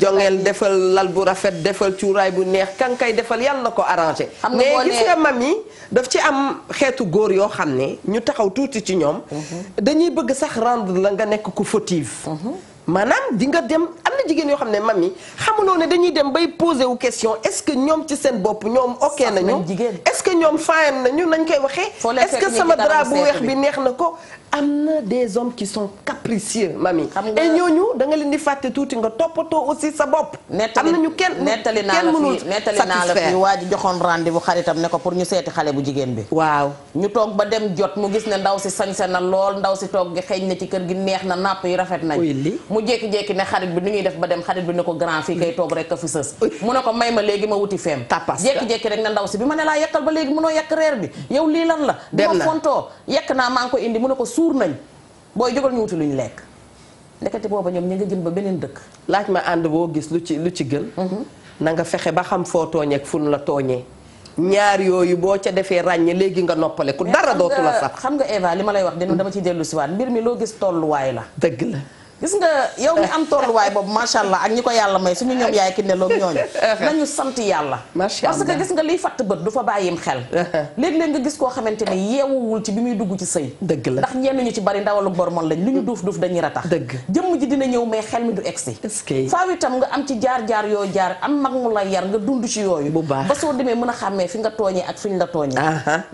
jongeel defal lal bu rafet defal cuuraay bu neex kan kay defal yàlla na ko arrangé mais gis nga mam yi daf ci am xeetu góor yoo xam ne ñu taxaw tuuti ci ñoom mhm. dañuy bëgg sax rendre la nga nekk ku fautive mhm. maanaam di nga dem am na jigéen yoo xam ne mam yi xamuloo ne dañuy dem bay posé wu question est-ce que ñoom ci seen bopp ñoom ok nañu est-ce que ñoom na nañu nañ koy waxee est-ce que sama drap bu weex bi neex na ko am na des hommes qui sont capricieux mami. xam nga et ñooñu da leen di fàtte tuuti nga toppatoo aussi sa bopp. am na ñu kenn nettali naa la fi nettali waa joxoon rendez-vous xaritam ne ko pour ñu seeti xale bu jigéen bi. waaw ñu toog ba dem jot mu gis ne ndaw si sañse na lool ndaw si toog gi xeeñ na ci kër gi neex na napp yi rafet nañ. mu jékki-jékki ne xarit bi nu ñuy def ba dem xarit bi ne ko grand fii kay toog rek ka fi sës. mu ne ko may ma léegi ma wuti feem. tapas jékki-jékki rek ndaw si bi ma ne laa ba léegi mënoo yekk reer lii lan la. dem suur nañ booy jógal ñu wuti lu ñu lekk ndekete boobu ñoom ñu nga jëm ba beneen dëkk laaj ma ànd boo gis lu ci lu ci gën mhm. na nga fexe ba xam foo tooñee ak fun la tooñee ñaar yooyu boo ca defee ràññe léegi nga noppale ku dara dootu la sax xam nga Eva li ma lay wax dama ci dellu siwaat mbir mi loo gis tollu waaye la dëgg la gis nga yow mi am tolluwaay boobu macha allah ak ñi ko yàlla may suñu ñoom yaay ki neloog ñooñu *laughs* nañu sant yàlla parce que gis nga liy fatt bët du fa bàyyim xel *laughs* léeg-léeg nga gis koo xamante ne yeewuwul ci bi muy dugg ci sëy dëgg la ndax ñenn ñu ci bari ndawalu bormon lañ lu ñu duuf duuf dañuy ratax dëgg jëmm ji dina ñëw mais xel mi du egsi faaw itam nga am ci jaar-jaar yoo jaar am mag mu la yar nga dund ci yooyu bu baax ba soo demee mën a xàmmee fi nga tooñee ak fi la tooñee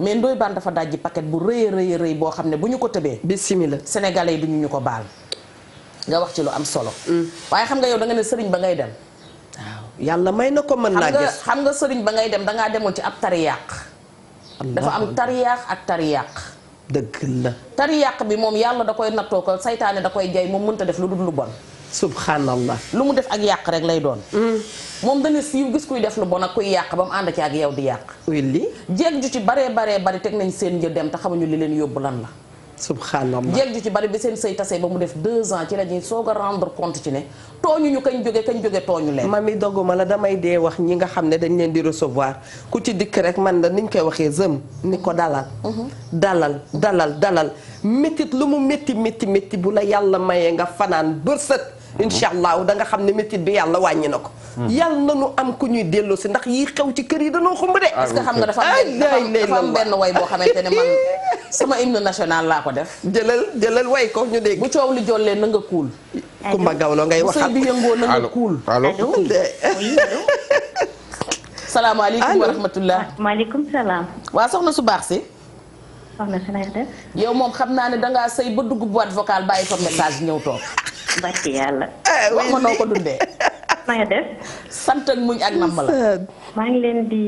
mais ndooy baan dafa dajji bu rëy rëy rëy boo xam ne bu ñu ko tëbee bisimila sénégalais yi duñu ñu ko baal nga wax ci lu am solo. waaye xam nga yow da nga ne sëriñ ba ngay dem. waaw yàlla may na ko mën naa gis xam nga sëriñ ba ngay dem dangaa demoon ci ab tariyaq. dafa am tariyaq ak tariyàq dëgg la. tariyaq bi moom yàlla da koy nattoo ko seytaane da koy jay moom mënta def lu dul lu bon. subhanallah lu mu def ak yàq rek lay doon. Mm. moom dana siiw gis kuy def lu bon ak kuy yàq ba mu ànd ci ak yow di yàq. wili jéeg ju ci baree baree bari teg nañ seen një dem te xamuñu li leen yóbbu lan la. subhanallah jéeg ji ci bari bi seen sëy tase ba mu def deux ans ci la ñuy soog a rendre compte ci ne tooñu ñu kañ jóge kañ jóge tooñu leen. mami dogguma la damay dee wax ñi nga xam ne dañ leen di recevoir ku ci dikk rek man la niñ koy waxee zëm ni ko dalal. Mhm. dalal dalal dalal métit lu mu métti métti métti bu la yàlla mayee nga fanaan bërsët. incha allahu da xam ne métit bi yàlla wàññi na ko hmm. yàlla na nu am ku ñuy delloo si ndax yi xew ci kër yi danoo xumb de parce ah, que xam nga dafa mu benn way boo xamante ne man sama hymne national laa ko def jëlal jëlal way ko ñu dégg bu coow li jollee na nga kuul Kumba Gawlo ngay waxal bu sëy bi yëngoo na nga kuul allo salaamaaleykum wa rahmatullah maaleykum waa soxna su baax si soxna si lay yow moom xam naa ne dangaa sëy ba dugg boîte vocale bàyyi fa message ñëw toog barke yàlla. Eh, wax ma noo ko dundee. *laughs* maa def. sant muñ ak namm maa ngi leen di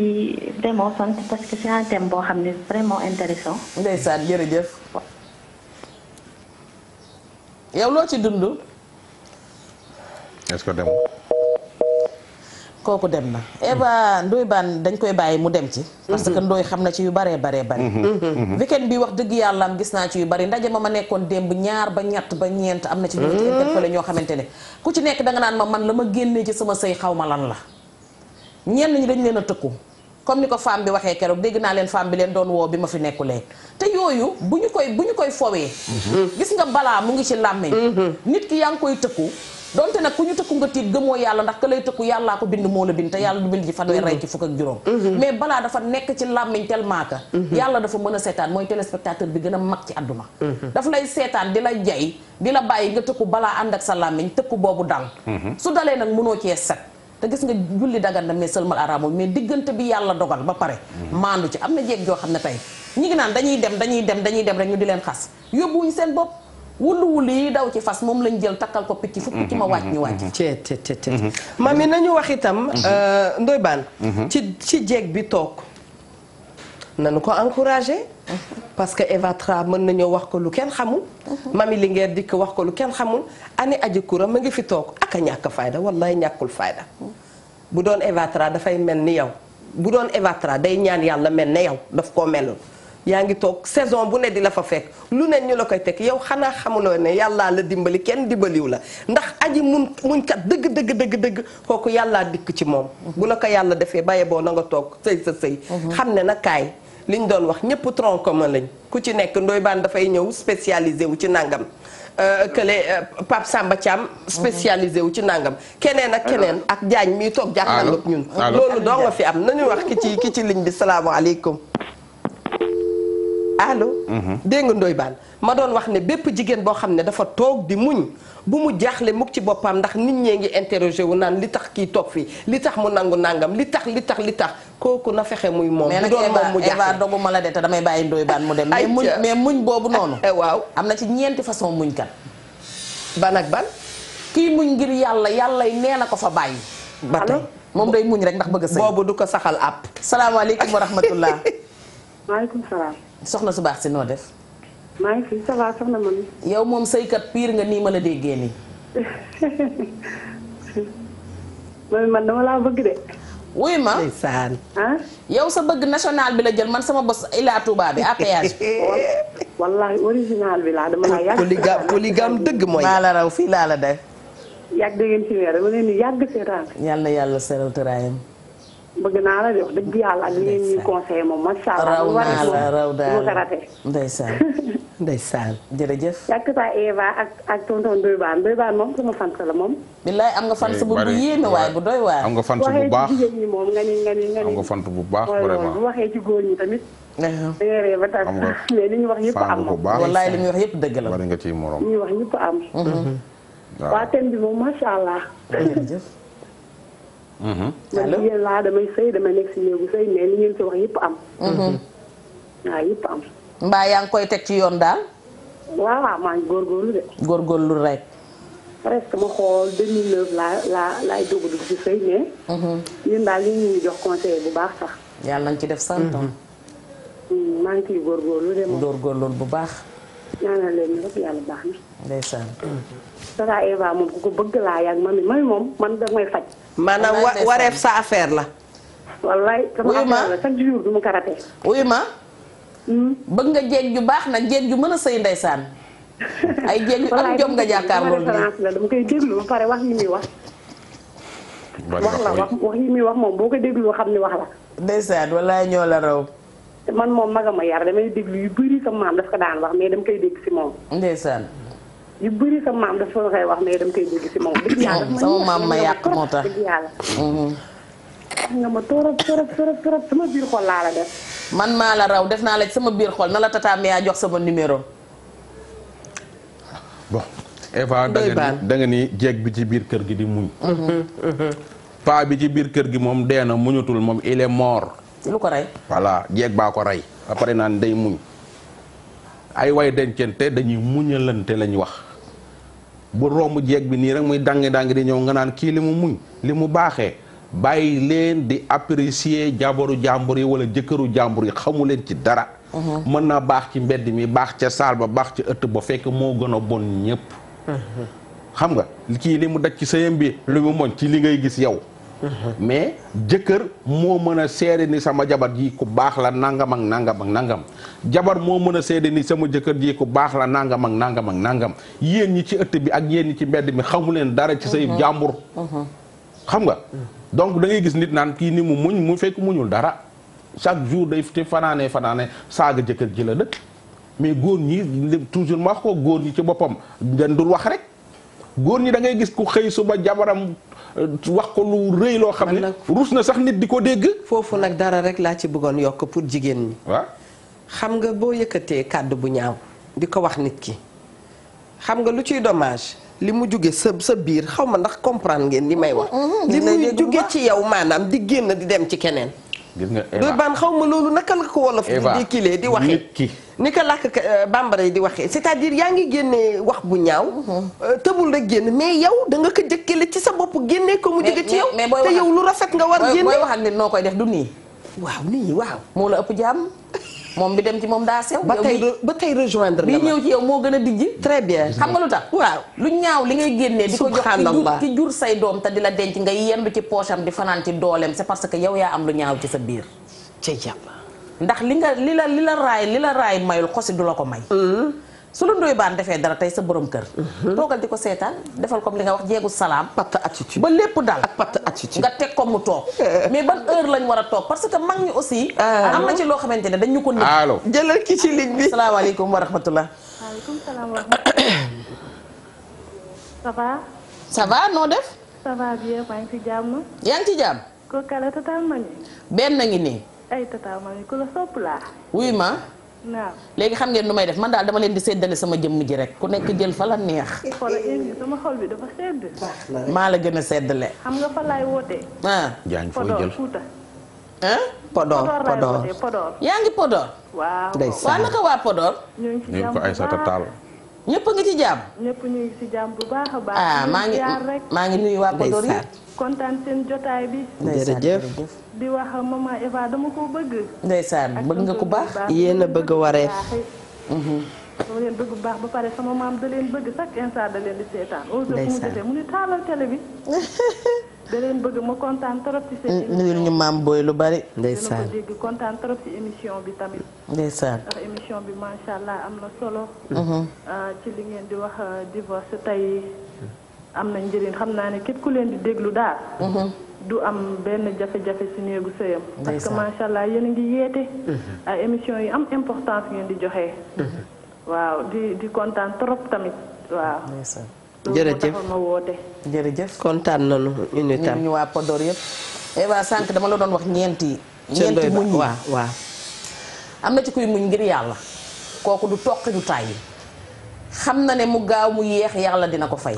vraiment sant parce que c'est un boo xam ne vraiment intéressant. ndeysaan jërëjëf. yow loo ci dund. est-ce dem kooku dem na Eva Ndoye Bane dañ koy bàyyi mu dem ci parce que mhm. Ndoye xam na ci yu baree baree bari mhm. Mhm. weekend bi wax dëgg yàlla am gis naa ci yu bari ndaje ma ma nekkoon démb ñaar ba ñett ba ñeent am na ci ñoo ci interpellé ñoo xamante ne ku ci nekk da nga ma man la ma génnee ci sama sëy xaw ma lan la ñenn ñi dañ leen a tëkku comme ni ko femme bi waxee keroog dégg naa leen femme bi leen doon woo bi ma fi nekkulee te yooyu bu ñu koy bu ñu koy fowee gis nga balaa mu ngi ci làmmiñ nit ki yaa ngi donte nag ku ñu tëkku nga tiit gëmoo yàlla ndax ka lay tëkku yàllaa ko bind moo la bind te yàlla du bind ci fanweer mm-hmm. rey ci fukk ak mm-hmm. nekk ci làmmiñ tellement que mm-hmm. yàlla dafa mën a seetaan mooy téléspectateur bi gën a mag ci àdduna lay seetaan di la jay di la bàyyi nga tëkku balaa ànd ak sa làmmiñ tëkku boobu dal su dalee nag mënoo cee set te gis nga julli dagan na mais sëlmal araamul mais diggante bi yàlla dogal ba pare maandu ci am na jeeg joo xam ne tey ñi ngi naan dañuy dem dañuy dem dañuy dem rek ñu di leen xas yóbbuwuñ seen bopp wulu wulu yi daw ci fas moom lañ jël takkal ko picc fu picc ma wàcc ñu wàcc cee te te te mami nañu wax itam mhm. euh, ndoy baan mhm. ci ci jeeg bi toog nañu ko encouragé mhm. parce que Eva mën nañoo wax ko lu kenn xamul mami li ngeer dikk wax ko lu kenn xamul ani aji kura ma ngi fi toog ak ñàkk fayda wallaay ñàkkul fayda bu doon Eva dafay mel ni yow bu doon Eva day ñaan yàlla mel ne yow daf koo melul yaa ngi toog saison bu ne di la fa fekk lu ne ñu la koy teg yow xanaa xamuloo ne yàllaa la dimbali kenn dimbaliw la ndax aji mun muñ kat dëgg dëgg dëgg kooku yàllaa dikk ci moom mhm. bu la ko yàlla defee baye boo na nga toog sëy sa sëy mhm. xam ne na kaay li ñu doon wax ñëpp tronc commun lañ ku ci nekk ndoy baan dafay ñëw spécialisé wu ci nangam euh, kële euh, Pape Samba Thiam spécialisé wu ci nangam keneen ak keneen ak jaañ mii toog jàkkaarloog ñun loolu doo nga am nañu wax ki ci bi salaamaaleykum allo. Mm-hmm. dégg nga Ndoye ma doon wax ne bépp jigéen boo xam ne dafa toog di muñ bu mu jaaxle mukk ci boppam ndax nit ñee ngi interrogé wu naan li tax kii toog fii li tax mu nangu nangam li tax li tax li tax kooku na fexe muy moom. bu doon moom mu jaaxle dogu ma la de te damay bàyyi Ndoye Bane mu dem. mais muñ mais muñ boobu noonu. Eh, waaw am na ci ñeenti façon muñ kan. ban ak ban. kii muñ ngir yàlla yàlla nee na ko fa bàyyi. ba moom day muñ rek ndax bëgg a sëy. boobu du ko saxal àpp. salaamaaleykum wa rahmatullah. waaleykum *laughs* salaam. soxna su baax si noo def. maa ngi fi yow moom sëykat piir nga nii ma la déggee nii. *laughs* man man dama laa bëgg yow sa bëgg national bi la jël man sama bos Ila Touba bi APH. *laughs* wallahi original bi laa dama laa yàgg. polygame polygame dëgg mooy. maa la raw fii laa la def. yàgg ngeen ci weer seetaan. yàlla yàlla seral tëraayam. bëgg naa la de wax dëgg yàlla ak yéen ñuy conseillé moom macha allah. raw naa la raw daal mu karate. ndeysaan *laughs* ndeysaan jërëjëf. yàq saa Eva ak ak tonton Ndoye Bane moom sama la eh, am nga fans bu bu yéeme waaye bu doy waar. bu baax waxee ci jigéen ñi moom nga ni bu baax bu waxee ci góor ñi tamit. da ngay ree ba tax *laughs* mais li ñu wax yëpp am moom. wallaay li ñu wax yëpp dëgg la. bari nga ciy morom li ñu wax yëpp am. Mhm. waaw waaw bi moom macha allah. man mm-hmm. jigéen laa damay sëy damay nekk si néegu sëy mais li ngeen fi wax yëpp am. Mm-hmm. Mm-hmm. waaw yëpp am. mbaa yaa ngi koy teg ci yoon daal. waaw waaw maa ngi góorgóorlu de. góorgóorlu rek. presque ma xool 2009 laa laa laay dugg dugg ci sëy mais. yéen daal yéen bu baax sax. yàlla nañ ci def santam. Mm, maa ngi ciy góorgóorlu de moom. góorgóorlu bu baax. ñaanal leen baax na. ndeysaan. Sara Eva moom ku ko bëgg laa yàgg mami moom man da may faj. maanaam wareef sa affaire la. wallaay sama affaire la chaque jour du ma ko raté. Hmm? bëgg nga jéeg ju baax nag jéeg ju mën a sëy ndeysaan. ay jéeg yu *laughs* am jom nga jàkkaarloo loolu la dama koy déglu ba pare wax yi muy wax. wax la wax wax yi muy wax moom boo ko déglu xam ni wax la. ndeysaan wallaay ñoo la raw. man moom magama yar damay déglu yu bëri sama maam daf ko daan wax mais dama koy dégg si moom. ndeysaan. yu *laughs* sama maam ma yàq moo tax la man maa la raw def naa la sama biir xol na la tataam yaa jox sama numéro. bon Eva da ni jeeg bi ci biir kër gi di muñ. Mm-hmm, mm-hmm. paa bi ci biir kër gi moom dee na muñatul moom il est mort. lu ko rey. voilà jeeg baa ko rey. après naan day muñ. ay way dencante dañuy muñalante lañ wax. bu romb jeeg bi nii rek muy dangi-dangi di ñëw nga naan kii li mu muñ li mu baaxee bàyyi leen di apprécier jabaru jàmbur yi wala jëkkëru jàmbur yi xamu leen ci dara mhm. mën naa baax ci mbedd mi baax ca saal ba baax ca ëtt ba fekk moo gën a bon ñëpp mhm. xam nga kii li mu daj ci sëyam bi li mu moñ ci li ngay gis yow mais jëkkër moo mën a seede ni sama jabar ji ku baax la nangam ak nangam ak nangam jabar moo mën a seede ni sama jëkkër ji ku baax la nangam ak nangam ak nangam yéen ñi ci ëtt bi ak yéen ñi ci mbedd mi xamu leen dara ci say mhm. jàmbur nga donc da ngay gis nit naan kii ni mu muñ mu fekk muñul dara chaque jour day te fanaane fanaane saaga jëkkër ji la dëkk mais góor ñi toujours ma wax ko góor ñi ci boppam dañ dul wax rek góor ñi da ngay gis ku xëy suba jabaram wax ko lu rëy loo xam ne ruus na sax nit di ko dégg foofu nag dara rek laa ci bëggoon yokk pour jigéen ñi waaw xam nga boo yëkkatee kàddu bu ñaaw di ko wax nit ki xam nga lu ciy dommage li mu juge sa sa biir xaw ma ndax comprendre ngeen li may wax mm-hmm. li muy jóge ci yow maanaam di génn di dem ci keneen gis nga Eva baan xaw ma loolu naka la ko wolof. Eva di kilee di waxee nit ki. ni ko làkk euh, bambara yi di waxee si à dire yaa ngi génnee wax bu ñaaw. Mm-hmm. Euh, tëbul rek génn mais yow da nga ko jëkkale ci sa bopp génnee ko mu jóge ci yow. te yow lu rafet nga war génne. booy wax ak nit noo koy def du nii. waaw nii waaw moo la ëpp jàmm. moom bi dem ci moom daa sew. ba tey ba tey rejoindre bi ñëw ci yow moo gën a dijj très bien xam nga lu tax. waaw lu ñaaw li ngay génnee. di ko jox ki jur say doom te di la denc ngay yendu ci poosam di fanaan ci dooleem c'est parce que yow yaa am lu ñaaw ci sa biir. cay jàpp ndax li nga li la li la raay li la raay mayul xosi du la ko may. Mm-hmm. su la ndoy baan defee dara tey sa borom kër. Mhm. toogal di ko seetaan defal comme li nga wax jéegu salaam. patt attitude ba lépp daal ak patt attitude. nga teg ko mu toog *laughs* mais ban heure lañ war a toog parce que mag ñi aussi. Ah. am na ci loo xamante ne dañ ñu ko nëb. allo jëlal ki ci ligne bi. salaamaaleykum wa rahmatulah. waaleykum salaam wa rahmatulah. ça noo def. ça va maa ngi ci jàmm. yaa ngi ci jàmm. ma benn ngi nii. ay tata ma la sopp laa. wuy ma. léegi xam ngeen nu may def man daal dama leen di seddale sama jëmm ji rek ku nekk jël fa la neex. Eh, eh, maa la gën a séddale. xam ah jaañ foo jël ah Podor Podor yaa ngi Podor. waaw naka waa Podor. ñu ngi ko Aïssata Tall ñëpp a ngi ci jàmm. ñëpp ñu ngi ci jàmm bu baax a baax. ah maa ngi maa ngi nuyu waa Podor yi. kontaan seen jotaay bi. jërëjëf di wax maman Eva dama ko bëgg. ndeysaan bëgg nga ko baax. yéen a bëgg wareef. Mhm. dama leen bëgg bu baax ba pare sama maam da leen bëgg chaque instant da leen di seetaan. mu ne taalal télé bi. *laughs* da leen bëgg ma kontaan trop ci seen émission ñu maam booy lu bari. ndeysaan dégg kontaan trop ci émission bi tamit. ndeysaan ndax émission bi macha allah am na solo. Mm-hmm. Ah, ci li ngeen di wax ah, divorce tey am na njëriñ xam naa ne képp ku leen di déglu daal. Mm-hmm. du am benn jafe-jafe ci néegu sëyam. parce que macha allah yéen a ngi yeete. Mm-hmm. ay ah, émission yi am importance ngeen di joxe. waaw di di kontaan trop tamit waaw. jërëjëf jërëjëf kontaan nañu ñun itam ñu waa Podor yëpp. Eva sànq dama la doon wax ñeenti. ñeenti muñ yi waaw waaw. am na ci kuy muñ ngir yàlla kooku du toq du tàyyi xam na ne mu gaaw mu yeex yàlla dina ko fay.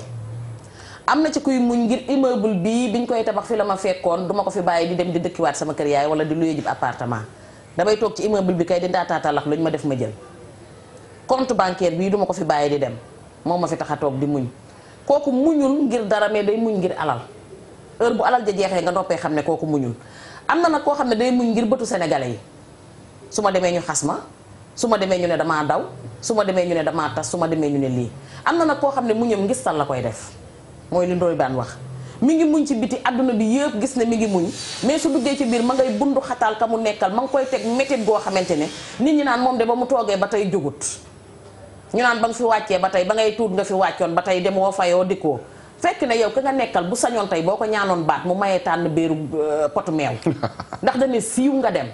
am na ci kuy muñ ngir immeuble bii biñ koy tabax fi la ma fekkoon duma ko fi bàyyi di dem di dëkkiwaat sama kër yaay wala di luye jib appartement damay toog ci immeuble bi kay di ndaataatalax luñ ma def ma jël compte bancaire bii duma ko fi bàyyi di dem moo ma fi tax di muñ. kooku muñul ngir dara mais day muñ ngir alal heure bu alal ja jeexee nga noppee xam ne kooku muñul am na nag koo xam ne day muñ ngir bëtu senegale yi su ma demee ñu xas ma su ma demee ñu ne damaa daw su ma demee ñu ne damaa tas su ma demee ñu ne lii am na nag koo xam ne muñam ngistal la koy def mooy li ndooy baan wax mi ngi muñ ci biti àdduna bi yëpp gis ne mi ngi muñ mais su duggee ci biir ma ngay bundu xataal ka mu nekkal ma ngi koy teg métit goo xamante ne nit ñi naan moom de ba mu toogee ba tey jógut ñu naan ba nga fi wàccee ba tey ba ngay tuut nga fi wàccoon ba tey demoo fayoo dikkoo fekk na yow ka nga nekkal bu sañoon tey boo ko ñaanoon baat mu mayee tànn béeru euh, potu meew *laughs* ndax dañu siiw nga dem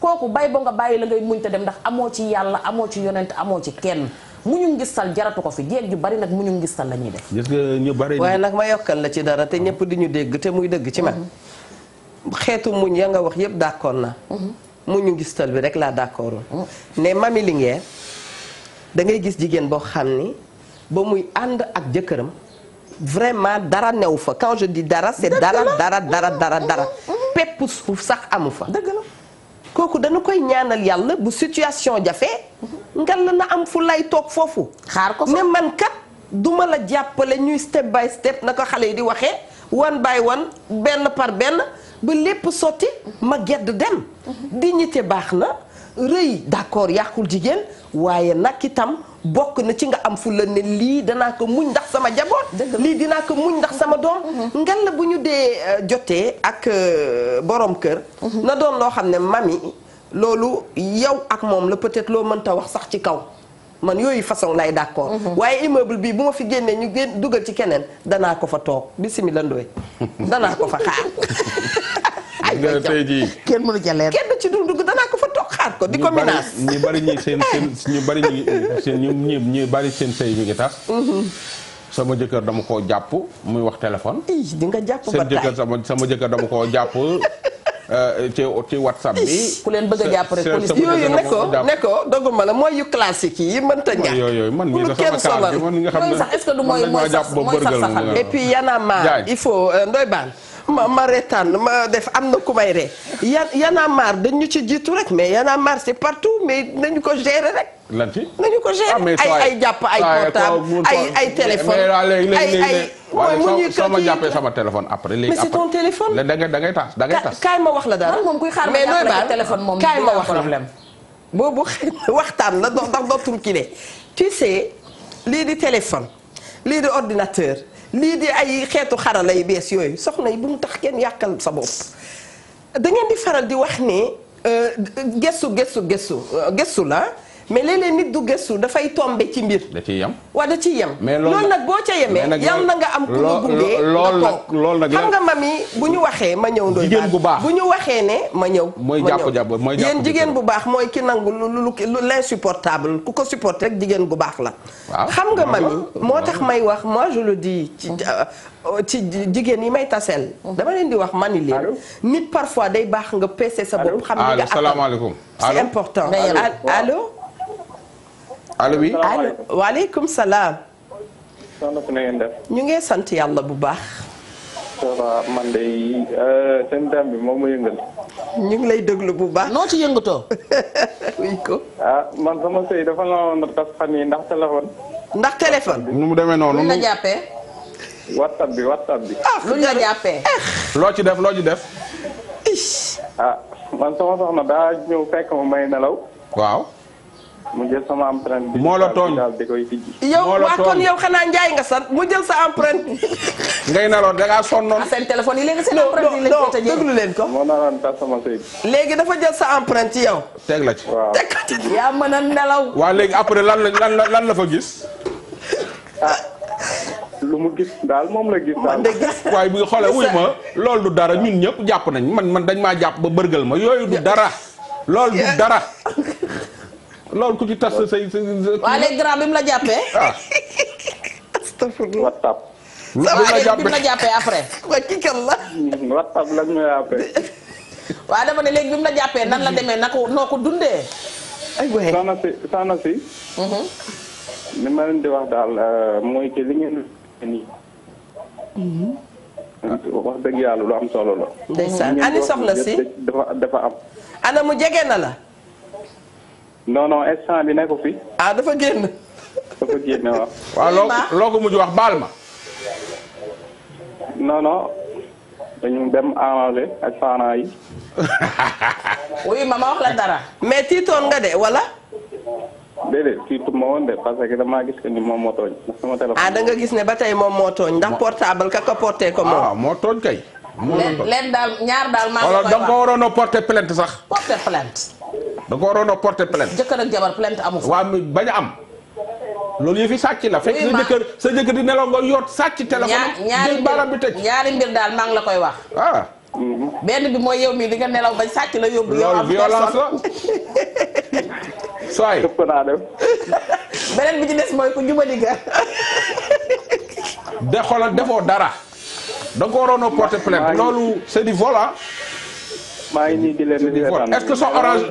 kooku bay ba nga bàyyi la ngay muñ te dem ndax amoo ci yàlla amoo ci yonent amoo ci kenn mu ñu ngistal jaratu ko fi jéeg ju bari nag mu ñu ngistal la ñuy def. gis ñu bari. waaye nag ma yokkal la ci dara te ñëpp di ñu dégg te muy dëgg ci man. Mm-hmm. xeetu muñ ya nga wax yëpp d'accord na. Mm-hmm. mu ñu ngistal bi rek laa d'accordul. Mm-hmm. ne da ngay gis jigéen boo xam ni ba muy ànd ak jëkkëram vraiment dara new fa quand je dis dara c'est dara dara dara dara mmh, dara mmh, mmh. pepp suuf sax amu fa dëgg la kooku dañu koy ñaanal yàlla bu situation jafe ngal la na am fu lay toog foofu xaar ko ne man kat duma la jàppale ñuy step by step na ko xale yi di waxe one by one benn par benn ba lépp sotti ma gedd dem dignité baax na rëy d'accord yàqul jigéen waaye nag itam bokk na ci nga am fu la ne lii danaa ko muñ ndax sama jaboot lii dinaa ko muñ ndax sama doom mhm. ngal la bu ñu dee euh, jotee ak euh, borom kër mhm. na doon loo xam ne mami loolu yow ak moom la peut-être loo mënta wax sax ci kaw man yooyu façon lay d'accord mhm. waaye immeuble bii bu ma fi génnee ñu génn dugal ci keneen danaa ko fa toog bismillah Ndoye *laughs* danaa ko fa xaar kenn mënu ca kenn ci dund ko di ko menace ñu bari ñi seen *laughs* seen ñu bari seen ñu ñu bari seen sëy mi ngi tas mm-hmm. sama jëkkër dama koo jàpp muy wax téléphone di nga jàpp seen jëkkër sama sama jëkkër dama koo jàpp *laughs* euh, ci ci whatsapp bi. ku leen bëgg a jàpp rek police yooyu ne ko ne ko doguma la mooy yu classique yi mënta man mii la sama kaar bi man nga xam ne. mooy sax est-ce que du mooy mooy sax sax et puis yanama il faut euh, ndoy baan ma ma reetaan ma def am na ku may ree yan yanamar dañ ñu ci jiitu rek mais yanamar c'est partout mais nañu ko gérer rek. lan ci nañu ko gérer ah, ay ay jàpp ay portable ay ay téléphone ay ay. waaye soo soo ma jàppee sama téléphone après. léegi après mais c'est ton téléphone. da ngay da ngay tas da ngay tas. kaay ma wax la dara man moom kuy xaar mais nooy baal téléphone moom kaay ma wax la boobu *laughs* waxtaan la ndax dootul kii de tu sais lii di téléphone lii de ordinateur. lii di ay xeetu xarala yu bees yooyu soxna yi bu mu tax kenn yàqal sa bopp da ngeen di faral di wax ne euh, gëstu gëstu gëstu gëstu la mais léeg nit du gëstu dafay tombe ci mbir. da ciy yem waaw da ciy yem. mais loolu nag boo ca yemee. yal na nga am ku la gungee. lool lool nag xam nga mami bu ñu waxee ma ñëw. ndoy jigéen bu baax bu ñu waxee ne ma ñëw. mooy jàpp jàpp mooy jàpp jigéen bu baax mooy ki nangu lu lu lu l'insupportable ku ko supporté rek jigéen bu baax la. xam nga mami moo tax may wax mois je le dis ci ci jigéen yi may tasel dama leen di wax mani leen. nit parfois day baax nga peese sa bopp. xam nga nga c'est important allo allo oui allo waaleykum salaam. soxna si na ngeen def. ñu ngi sant yàlla bu baax. man de euh, seen dam bi moom ma yëngal. ñu ngi lay déglu bu baax. noo ci yëngatoo. wuy *laughs* ko. Ah, man sama sëy dafa la woon tas ndax téléphone. ndax téléphone. mu demee noonu. la jàppee. whatsapp bi whatsapp bi. Ah, lu la eh. loo ci def loo ci def. Ah, man sama soxna daa ñëw fekk ma may nelaw. waaw. mu jël sama empreinte. moo la tooñ daal di koy tijji. yow waa kon yow xanaa njaay nga sant mu jël sa empreinte. *laughs* ngay naroon da ngaa sonnoon. ah seen téléphone yi léegi seen empreinte yi lañ leen ko. moo léegi dafa jël sa empreinte ci yow. teg la ci waaw teg ko ci. yaa mën a nelaw. waa léegi après lan la lan lan la fa gis. Ah, lu mu gis daal moom la gis daal. waaye bu xoolee wuy ma loolu du dara ñun ñëpp jàpp nañ man man dañ maa jàpp ba bërgal ma yooyu du dara. loolu du dara. loolu ku ci tas say say. waaw léegi grand bi mu la jàppee. *laughs* ah. astafurlah. whatsapp. lu bi mu la jàppee après. *laughs* waa kii *laughs* dama ne léegi bi mu la jàppee nan la demee na ko noo ko dundee. aywa soxna si soxna si. Mhm. Euh, mhm. wax dëgg yàlla lu am solo la. ndeysaan si dafa mu jege na la. non non instant bi ko fi. ah dafa génn. dafa waaw. loo ko mujj wax baal ma. non non. dem arrangé ak parents yi. *laughs* oui mama wax la dara. mais tiitoon nga de wala. déedéet surtout ma woon de parce que damaa gis moo tooñ. Ah, nga gis ne ba tey moom moo tooñ. ndax portable ka ko porté ko moom. Ah, moo tooñ kay. moo daal ñaar daal. maa ngi koy wax ko waroon a porté plainte sax. porté plainte. da ko waroon a porter plainte. jëkkër ak jabar plainte amu fa. waa bañ a am. loolu yëfi sàcc la fekk sa jëkkër sa jëkkër di nelaw nga yor sàcc téléphone jël baram bi daal maa la koy wax ah benn bi mooy yow mii di nga nelaw bañ sàcc la yóbbu yow am violence la sooy *laughs* ëpp naa dem *laughs* beneen bi ci des mooy ku jubadi nga de xoolal defoo dara da nga ko waroon a porter plainte loolu c'est du maa ngi nii di est-ce que sa orange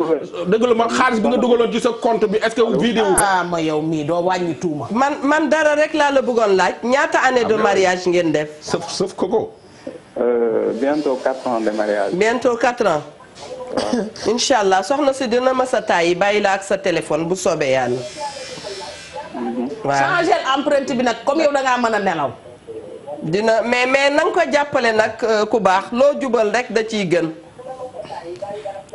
dëgg la ma xaalis bi nga dugaloon ci sa compte bi est-ce que vidéo ah doo wàññi man dara rek laa la bëggoon laaj ñaata année de mariage ngeen def sëf sëf ko ko euh, bientôt quatre ans de mariage bientôt quatre allah soxna si dina ma sa taay bàyyi la sa téléphone bu soobee yàlla mhm. bi nag comme yow da mën a nelaw dina mais mais na ko jàppale nag euh, ku baax loo jubal rek da ciy gën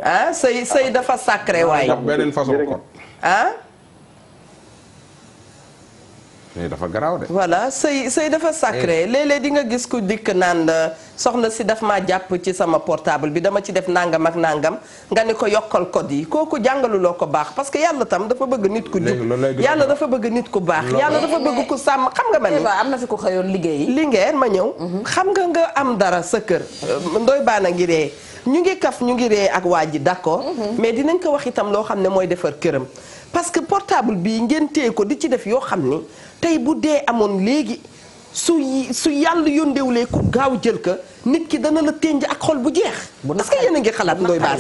ah sëy sëy dafa sacré waay. ndax beneen façon kon ah. dafa garaaw de. voilà sëy sëy dafa sacré eh. léeg-léeg di nga gis ku dikk naan euh, soxna si daf maa jàpp ci sama portable bi dama ci def nangam ak nangam nga ni ko yokkal code yi kooku jàngaluloo ko baax parce que yàlla tam dafa bëgg nit ku jub yàlla dafa bëgg nit ku baax yàlla dafa bëgg ku sàmm xam nga ma ni am na fi ku xëyoon liggéey li ngeen ma ñëw mhm. xam nga nga am dara sa kër euh, ndoy baana ngi ree ñu ngi kaf ñu ngi ree ak waa ji d'accord mhm. mais dinañ ko wax itam loo xam ne mooy defar këram parce que portable bi ngeen ko di ci def yoo xam ni tey bu dee amoon léegi su su yàlla yóndewulee ku gaaw jël ka nit ki dana la tënj ak xol bu jeex. parce que yéen a ngi xalaat ndoy baar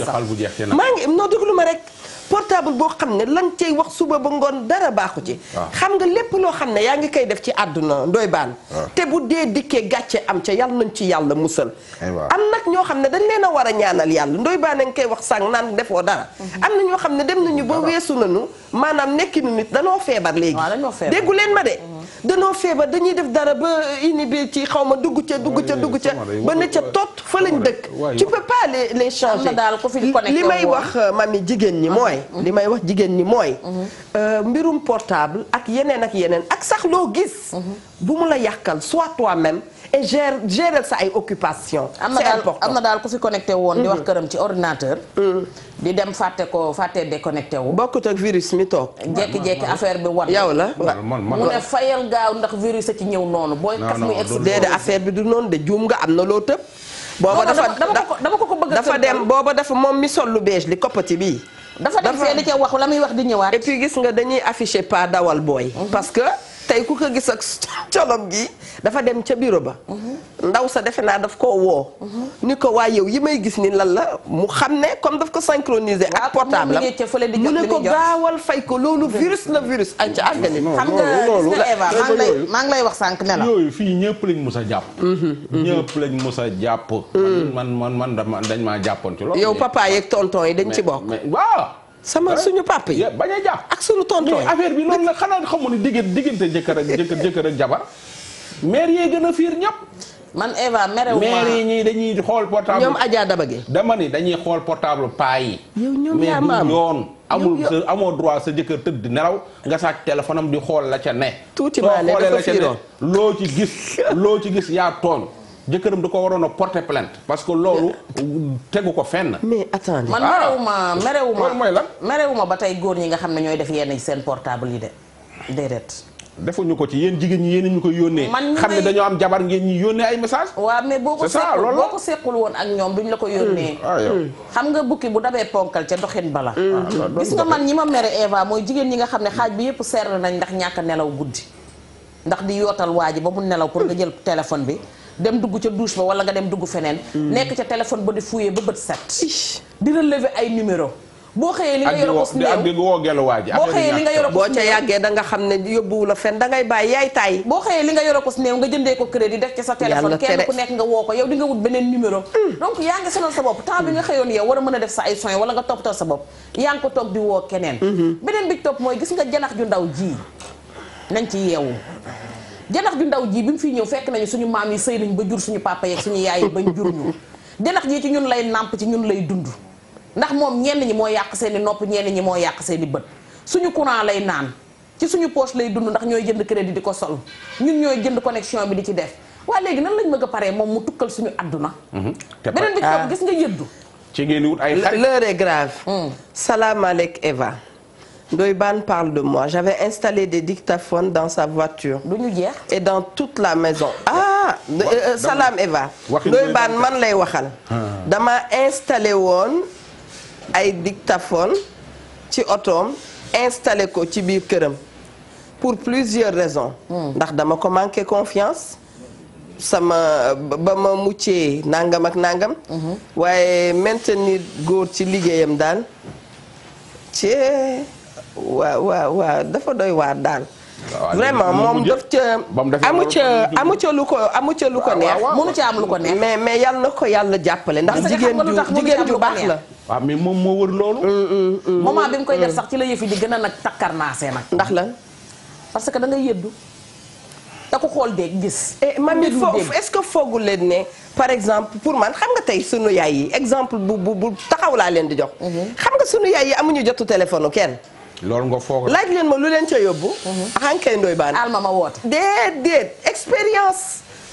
maa ngi noo déglu ma rek. portable boo ne lan cay wax suba ba ngoon dara baaxu ci. Ah. xam nga lépp loo xam ne yaa ngi koy def ci àdduna ndoy baan ah. te bu dee dikkee gàccee am ca yàlla nañ ci yàlla musal. am nag ñoo xam ne dañ leen a war a ñaanal yàlla ndoy baan nga koy wax sànq naan defoo dara. Mm-hmm. am na ñoo xam ne dem nañu ba ah. weesu nañu maanaam nekki nu nit danoo feebar léegi. déggu leen ma de. Mm-hmm. danoo feebar dañuy def dara ba inhibé ci xaw ma dugg ca dugg ca dugg ca ba ne ca tot fa lañ dëkk tu peux pas les les changer li may wax euh, mami jigéen ñi mm-hmm. mooy li may wax jigéen ñi mooy mm-hmm. euh, mbirum portable ak yeneen ak yeneen ak sax loo gis mm-hmm. bu mu la yàqal soit toi-même et gère sa ay occupation c'est important am na daal ko fi connecté woon di mhm. wax këram ci ordinateur mhm. di dem fàtte ko fàtte déconnecté wu bokkut ak virus mi toog jekki-jekki affaire bi war yaw la mu ne fayal gaaw ndax virus a ci ñëw noonu booy kas muy ex déedéet affaire bi du noonu de juum nga am na loo tëb booba dafa dama ko ko bëgg dafa dem booba dafa moom mi sol lu beige li koppati bii dafa dem fee li ca wax la muy wax di ñëwaat et puis gis nga dañuy afficher pas dawal booy mhm. tey ku ko gis ak colom gi dafa dem ca biiro ba. ndaw sa defe naa daf ko woo. ni ko waa yow yi may gis ni lan la mu xam ne comme daf ko synchroniser. à ah, portable am mu ne ko gaawal fay ko loolu virus la virus. ay ca organisme xam nga gis nga Eva maa ngi lay maa ngi lay wax sànq ne la. yooyu fii ñëpp lañ mus a jàpp. Mhm, mhm. ñëpp lañ mus a jàpp. man man man dañ maa jàppoon ci loolu. yow papa yeeg tonton yi dañ ci bokk. sama suñu papa yi bañ a jàpp ak suñu tonton yi affaire bi loolu la xanaa xamu ni diggante diggante jëkkër ak jëkkër jëkkër ak jabar maire yee gën a fiir ñëpp man Eva merew maire yi ñii dañuy xool portable ñoom Adja Dabage dama ni dañuy xool portable paa yi yow ñoom yaa ma amul amoo droit sa jëkkër tëdd di nelaw nga sàcc téléphone am di xool la ca ne tuuti baa leen dafa fiiroon loo ci gis *laughs* loo ci gis yaa tooñ jëkkëram du ko waroon a porter plainte parce que loolu tegu ko fenn. mais attendez man ah. merewuma merewuma mooy lan merewuma ba tey góor ñi nga xam ne ñooy def yenn seen portable yi de déedéet. defuñu ko ci yéen jigéen ñi yéen ñu ko yónnee. man xam ne dañoo am jabar ngeen ñi yónnee ay message waaw mais boo ko sequl boo woon ak ñoom duñ la ko yónnee. Hmm. Ah, hmm. xam nga bukki bu dabee ponkal ca doxin bala. Hmm. Ah, gis nga man ñi ma mere Eva mooy jigéen ñi nga xam ne xaaj bi yëpp seer nañ ndax ñàkk nelaw guddi. ndax di yootal waa ji ba mu nelaw pour nga jël téléphone bi dem dugg ca douche ba wala nga dem dugg feneen. Mm. nekk ca téléphone ba di fouiller ba bët set. di relever ay numéro boo xëyee li nga yor ko néew ak di woo boo nga boo ca yàggee da nga xam ne yóbbuwu a fen da ngay bàyyi yaay taay boo xëyee li nga yor ko néew nga jëndee ko crédit def ci sa téléphone kenn ku nekk nga woo ko yow di nga wut beneen numéro mm. donc yaa ngi sonal sa bopp temps bi nga xëyoon yow war a mën a def sa ay soins wala nga toppatoo sa bopp yaa ngi ko toog di woo keneen mm-hmm. beneen bi topp mooy gis nga janax ju ndaw ji nañ ci yeewu janax ju ndaw jii bi mu fi ñëw fekk nañu suñu maam yi sëy nañ ba jur suñu papa yeeg suñu yaay bañ jur ñu janax ji ci ñun lay nàmp ci ñun lay dund ndax moom ñenn ñi moo yàq seen i nopp ñenn ñi moo yàq seeni i bët suñu courant lay naan ci suñu poche lay dund ndax ñooy jënd crédit di ko sol ñun ñooy jënd connexion bi di ci def waa léegi nan lañ bëgg a paree moom mu tukkal suñu àdduna mhm. beneen bi gis nga yëddu ah, ci ngeen wut ay xarit l'heure est grave hmm. salaamaaleykum Eva Ndoye Bane parle de moi j'avais installé des dictaphones dans sa voiture. du ñu jeex. et dans toute la maison. ah euh, euh Eva. Ndoye Bane man lay waxal. Ah. dama installé woon ay dictaphone ci otoom installé ko ci biir këram pour plusieurs raisons. Hmm. ndax dama ko manqué confiance. sama ba ma muccee nangam ak nangam. Mhm. waaye maintenir góor ci liggéeyam daal ci. waa waa waa dafa doy waar daal. vraiment moom daf ca amu ca amu ca lu ko amu lu ko neex. mënu ca am lu ko neex. mais mais yal na ko yàlla jàppale ndax jigéen ju jigéen ju baax la. waaw mais moom moo wër loolu. Mm, mm, mm, moment bi mu koy def sax ci la yëfi di gën a nag takkar naasee nag. ndax la parce que da ngay yëddu te ku xool eh, dégg gis. mami est-ce que foogu leen ne par exemple pour man xam nga tey sunu yaay yi exemple bu bu bu taxaw laa leen di jox. Mhm. xam nga sunu yaay yi amuñu jotu téléphone kenn. loolu nga foog laaj leen ma lu leen ca yóbbu. xànkay mhm. ndoy baan alma ma woot woote. déedéet expérience.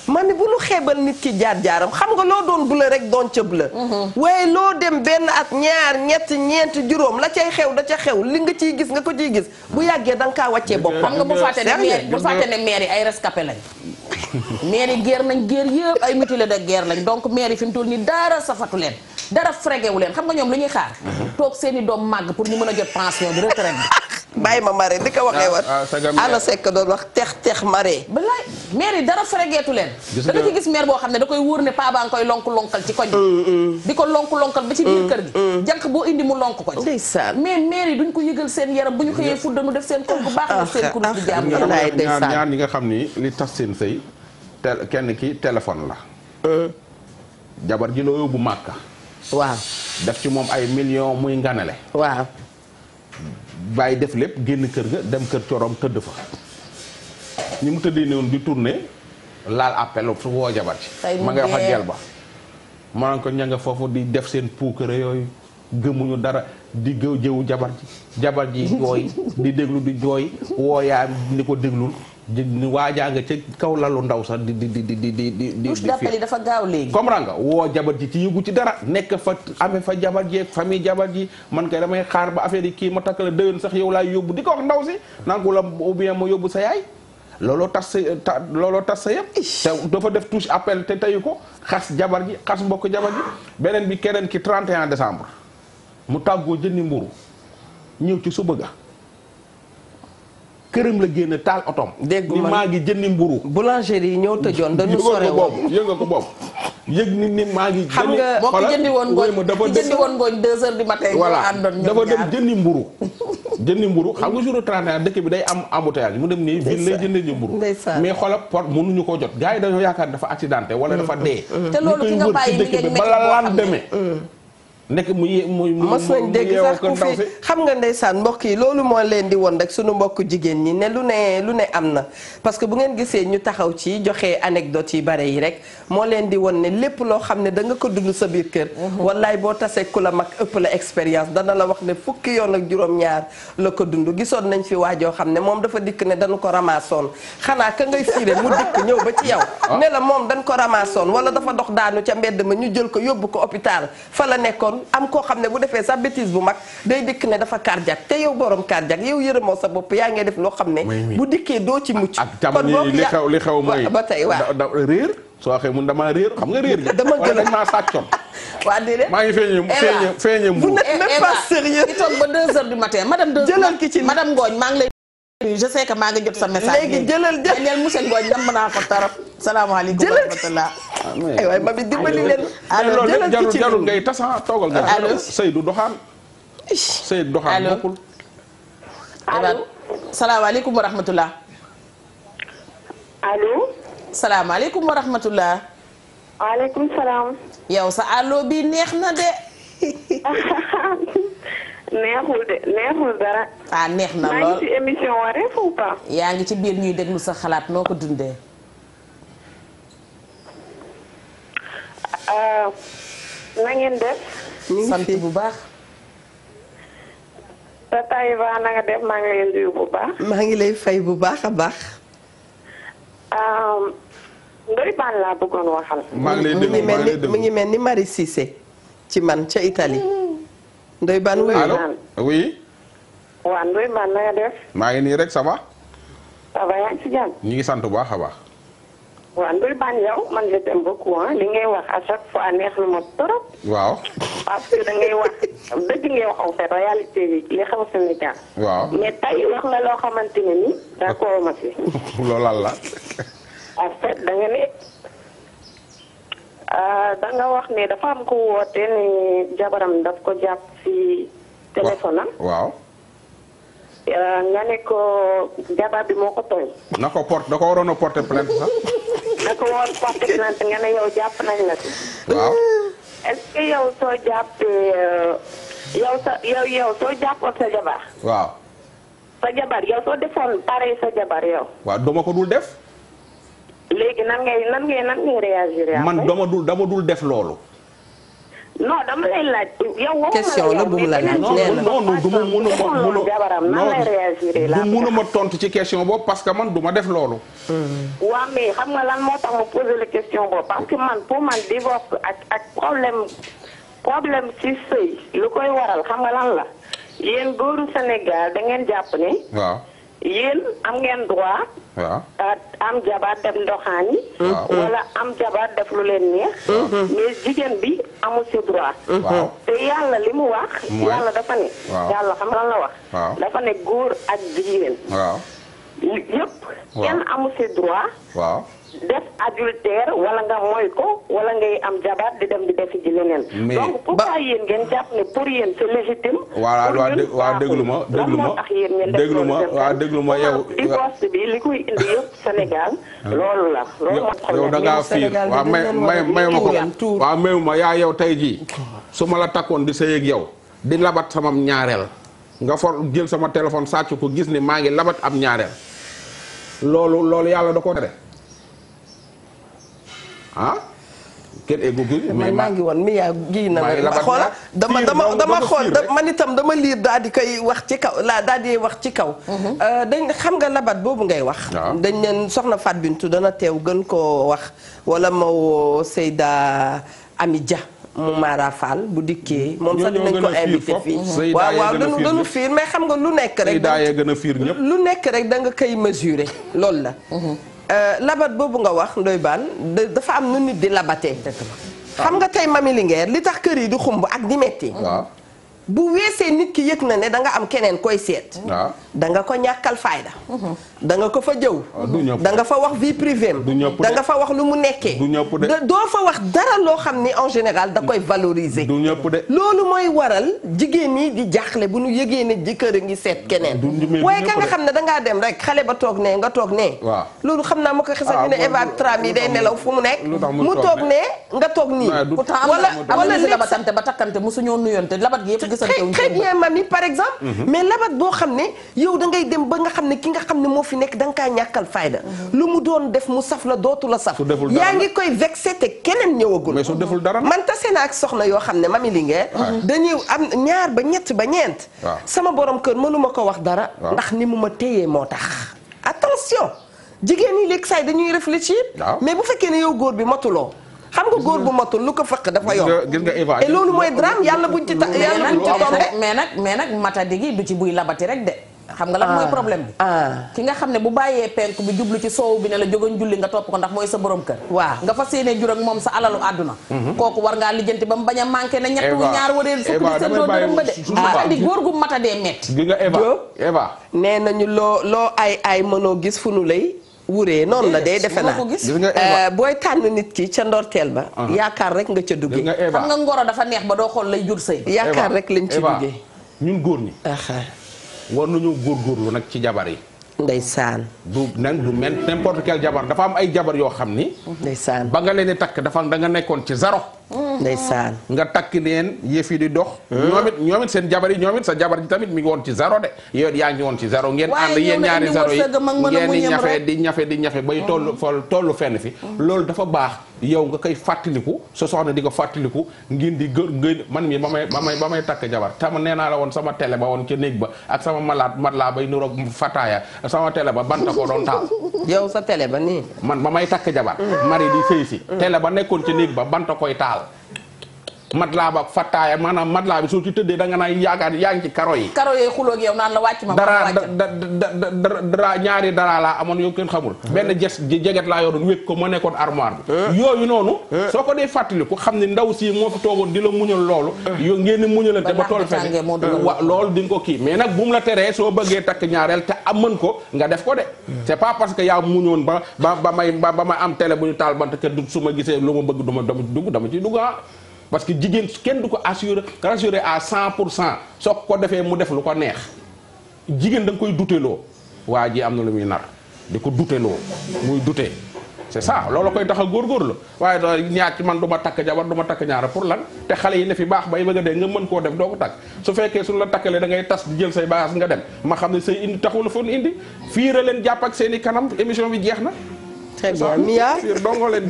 ma ne bu nu xeebal nit ki jaar jaaram xam nga loo doon bula rek doon ca bula mhm. waaye loo dem benn ak ñaar ñetti ñeenti juróom la cay xew da ca xew li nga ciy gis nga ko ciy gis bu yàggee da nga kaa wàccee boppam. xam nga bu fàtte ne maire bu fàtte ne maire yi ay rescapé lañ. *laughs* maire yi nañ guerre yëpp ay mutilé de geer lañ donc maire yi fi mu toll nii dara safatu leen. dara frégewu leen xam nga ñoom lu ñuy xaar mhm. toog seen doom màgg pour ñu mën a jot pension bi retraite bi *laughs* bàyyi ma mare di ko waxee woon ana ah, ah, sekk doon wax teex teex mare balaay maire yi dara frégeetu leen da nga ci gis maire boo xam ne da koy wóor ne paa baa ngi koy lonk lonkal ci koñ mm, mm. di ko lonk lonkal ba ci biir mm, kër gi jànq boo indi mu lonk ko ci ndeysaan mais maire yi duñ ko yëgal seen yaram bu ñu xëyee fuddanu def seen kol bu baax ah, def seen kurus bu jaam ñaar nga xam ni li tas seen sëy kenn ki téléphone la euh. jabar ji loo yóbbu waaw def ci moom ay million muy nganale waaw bàyyi def lépp génn kër ga dem kër coroom tëdd fa ñi mu tëddee noonu di tourné laal appel su woo jabar ci ma ngay wax ak gel ba ma ne ko ña nga foofu di def seen puukare yooyu gëmuñu dara di gëw jëwu jabar ji jabar ji jooy di déglu di jooy woo yaayam ni ko déglul waa jaa nga ca kaw lalu ndaw sax di di di di di di di di di dafa gaaw léegi comprendre nga woo jabar ji ci yëgu ci dara nekk fa amee fa jabar ji famille jabar ji man kay damay xaar ba affaire yi kii ma takk la déwén sax yow laay yóbbu di ko wax ndaw si naan ko la ou bien ma yóbbu sa yaay looloo tas sa ta looloo tas sa yëpp te dafa def touche appel te teyu ko xas jabar ji xas mbokk jabar ji beneen bi keneen ki 31 décembre mu tàggoo jëndi mburu ñëw ci suba ga këram la génn taal otoom. dégg ni maa ngi jëndi mburu boulangerie yi ñëw tëjoon dañu sore woon yëg nga ko boobu yëg nit ni maa ngi. xam nga boo ko jëndi woon ngooñ dafa jëndi woon ngooñ deux *laughs* day am embouteillage mu dem nii ville lay jëndee ji mburu mais xoolal port mënuñu koo jot gars yi dañoo yaakaar dafa accidenté wala dafa mm, dee. Mm, mm. te loolu ki nga bàyyi liggéey ba la laan demee nekk mu mu mos nañ dégg sax ku fi xam nga ndeysaan mbokk yi loolu moo leen di woon rek sunu mbokk jigéen ñi ne lu ne lu ne am na parce que bu ngeen gisee ñu taxaw ci joxe anecdote yi bare yi rek moo leen di woon ne lépp loo xam ne da nga ko dund sa biir kër mhm. wallaay boo tasee ku la mag ëpp la expérience dana la wax ne fukki yoon ak juróom-ñaar la ko dund gisoon nañ fi waajoo xam ne moom dafa dikk ne dañu ko ramassoon xanaa ka ngay fiire mu dikk ñëw ba ci yow ah. ne la moom dañ ko ramassoon wala dafa dox daanu ca mbedd ma ñu jël ko yóbbu ko hôpital fa la boppam am koo xam ne bu defee sa bêtise bu mag day dikk ne dafa cardiaque te yow borom cardiaque yow yërëmoo sa bopp yaa ngay def loo xam ne bu dikkee doo ci mucc kon boo li xew li xew mooy ba tey waaw réer soo waxee mun damaa réer xam nga réer dama gën a maa sàccoon *laughs* waa déedéet maa ngi feeñee feeñee feeñee mburu vous n'êtes même pas sérieux toog ba deux heures du matin madame deux jëlal ki ci madame Ngooñ maa ngi lay je sais que maa ngi jot sa message léegi jëlal leen. allo jëlal ci ci jarul ngay tas ah toogal nga. allo sëy doxaan. sëy doxaan bokkul. allo salaamaaleykum wa rahmatulah. allo. salaamaaleykum wa rahmatulah. waaleykum salaam. yow sa allo *laughs* neexul dara. ah neex na lool maa ngi ci émission Wareef ou pas. yaa ngi ci biir ñuy déglu sa xalaat noo ko dundee. Ah, na ngeen def. sant bu baax. Tata Eva na def maa ngi lay fay bu baax a baax. Ah, Ndoye Bane laa bëggoon waxal. ngi mu ngi mel ni mu ngi mel ni Marie Cissé ci man ca Italie. Ndoye Bane oui allo oui. waaw Ndoye Bane def. maa ngi nii rek ça va. ça va jàmm. ñu ngi sant bu baax a baax. waaw Ndoye Bane yow man je t'aime beaucoup ah li ngay wax à chaque fois neex na ma trop. waaw. parce que da ngay wax dëgg ngay wax en fait réalité bi xew Sénégal. waaw mais tey wax nga loo xamante ne ni d'accord ma si. *laughs* loolaa la. en fait da nga ne. Euh, dafa am ko woote ni jabaram daf ko jàpp. si téléphone am. waaw. Euh, nga ne ko jabar bi moo ko tooñ. na ko porte da ko waroon a porter plainte sax. na ko waroon porter plainte nga ne yow jàpp nañ la si. waaw. est-ce soo jàppee euh, yow soo jàppoon sa jabar. waaw. sa jabar yow soo defoon pare sa jabar yow. waaw dama ko dul def. léegi nan ngay nan ngay nan ngay réagir. man dama dul dama dul def loolu. non dama lay laaj. yow waxuma question la bu mu la laaj nee na non non du ma mun a ma mun a non du mun a ma tontu ci question boobu parce que man du ma def loolu. Hmm. waaw mais xam nga lan moo tax ma poser la question boobu parce que man pour man divorce ak ak problème problème ci sëy lu koy waral xam nga lan la yéen góoru Sénégal da ngeen jàpp ni. waaw yéen am ngeen droit. waaw euh, am jabar dem ndoxaani wala mm-hmm. am jabar def lu leen neex mm-hmm. mais jigéen bi amul si droit mm-hmm. te yàlla li mu wax yàlla dafa yàlla xam lan la wax dafa ne góor ak jigéen yëpp kenn amul si droit def adultère wala nga mooy ko wala ngay am jabar di dem di defi ji leneen. donc pour yéen c'est légitime. voilà waaw déglu ma déglu ma déglu ma waaw ma yow. li koy indi yëpp Sénégal. Ah. loolu la loolu moo fiir waaw may may ko waaw mayu yaa yow tey jii su ma la takkoon di sëy ak yow di labat sama ñaareel nga for jël sama téléphone sàcc ko gis ni maa ngi labat am ñaareel loolu loolu yàlla da ko tere. ah. kenn maa ngi woon mi yaa gii na ma xoola dama dama dama xool man itam dama liir daal di koy wax ci kaw laa daal di wax ci kaw mhm. euh, dañ xam nga labat boobu ngay wax ah. dañ leen soxna Fat Bintou dana teew gën koo wax walla moo Seyda Ami Dia mu Mara bu dikkee mm-hmm. moom sax dinañ ko invité fii waaw waaw danu dañu fiir mais xam nga lu nekk rek lu nekk rek da nga koy mesurer loolu la mm-hmm. Euh, labat boobu nga wax ndoy baan dafa am nu nit di labatee. xam nga tey Mamy Linguère li tax kër yi di xumb ak di metti bu weesee nit ki yëg na ne da nga am keneen koy seet. da nga ko ñàkkal fayda. Mhm. da nga ko fa jëw. Ah, da nga fa wax vie privée am. da nga fa wax lu mu nekkee. doo fa wax dara loo xam ni en général da koy valoriser. loolu mooy waral jigéen ñi di jaaxle bu nu yëgee ne jikkër a ngi seet keneen. waaye ka nga xam ne da ngaa dem rek xale ba toog nee nga toog nee. loolu xam naa ma ko xisal ah, ñu ne Eva Tram yi day nelaw fu mu nekk. mu toog nee nga toog nii. wala wala lépp pourtant am na ba takkante ba takkante mosuñoo nuyonte labat gi yëpp très très bien mami par exemple mhm. mais labat boo xam ne yow dangay dem ba nga xam ne ki nga xam ne moo fi nekk danga nga kaa ñàkkal fayda mhm. lu mu doon def mu saf la dootu la saf yaa ngi koy vexé te keneen ñëwagul mais su deful dara man tase naa ak soxna yoo xam ne mami Linguère mhm. dañuy am ñaar ba ñett ba ñeent sama borom kër mënuma ko wax dara ndax ni mu ma téyee moo tax attention jigéen ñi léegi saa yi dañuy réfléchir mais bu fekkee ne yow góor bi motuloo xam nga góor bu matul lu ko fekk dafa yoon gis nga Eva et loolu mooy drame yàlla buñ ci ta yàlla buñ ci tombé mais nag mais nag matadi gi du ci buy labati rek de xam nga lan mooy ah, problème bi ah. ki nga xam ne bu bàyyee penk bi jublu ci soow bi ne la jógoon julli nga topp ko ndax mooy sa borom kër waa nga fas yéene jur moom sa alalu àdduna mhm. kooku war ngaa lijjanti ba mu bañ a manqué na ñett wu ñaar waree fukk bi sa doo dërëm ba de matadi góor gu matadee metti gi nga Eva Eva nee nañu loo loo ay ay mënoo gis fu lay wuree noonu la day defe naa eh, booy tànn nit ki ca ndorteel ba yaakaar rek nga ca duggee xam nga ngoro dafa neex ba doo xool lay jur sëy yaakaar rek lañ ci duggee ñun góor ñi war nañoo góorgóorlu nag ci jabar yi saan du nag du mel n'importe quel jabar dafa am ay jabar yoo xam ni. ndeysaan ba nga leen di takk dafa da nga nekkoon ci zaro. Mm. ndeysaan nga takk leen yëf yi di dox. ñoom it seen jabar yi ñoom sa jabar ji tamit mi ngi woon ci zaro de yow yaa ngi woon ci zaro ngeen ànd yéen ñaari zaro yi ngeen di ñafe di ñafe di ñafe bay tollu fol mm. tollu fenn fi loolu dafa baax. yow nga koy fàttaliku sa soxna di ko fàttaliku ngeen di gër ngeen man mi ba may ba may ba may takk jabar tam nee naa la woon sama télé ba woon ca néeg ba ak sama malaat mat laa bay nuroog fataaya sama télé ba banta ko doon taal yow sa télé ba nii man ba may takk jabar mari di sëy si mm. télé ba nekkoon ca néeg ba banta koy taal mat matelas ba fattaaya maanaam matelas bi soo ci tëddee da nga naan yaakaar yaa ngi ci karo yi. karo yooyu naan la wàcc ma. dara dara ñaari daraa laa amoon yow kenn xamul. Ah. benn jes jeget laa yoroon wékk ko ma nekkoon armoire bi. Ah. yooyu noonu. Ah. soo ko dee fàttali ku xam ne ndaw si moo fi toogoon di la muñal loolu. yow ngeen di muñalante ba tool fenn wa loolu di ko kii mais nag bu mu la teree soo bëggee takk ñaareel te am mën ko nga def ko de. c'est pas parce que yaa muñoon ba ba ba may ba may am télé bu ñu taal bant kër du su ma gisee lu ma bëgg du ma dama ci dugg dama parce que jigéen kenn du ko assuré rassuré à cent pour cent soo ko defee mu def lu ko neex jigéen da koy duteloo waa ji am na lu muy nar di ko duteloo muy dute c'est ça loolu koy góor góor góorgóorlu waaye da ñaar ci man du ma takk jabar du ma takk ñaara pour lan te xale yi ne fi baax bay bëgg a dee nga mën koo def doo ko takk su fekkee su la takkalee dangay ngay tas di jël say bagages nga dem ma xam ne say indi taxul fa indi fiira leen jàpp ak seen i kanam émission bi jeex na très bien Mia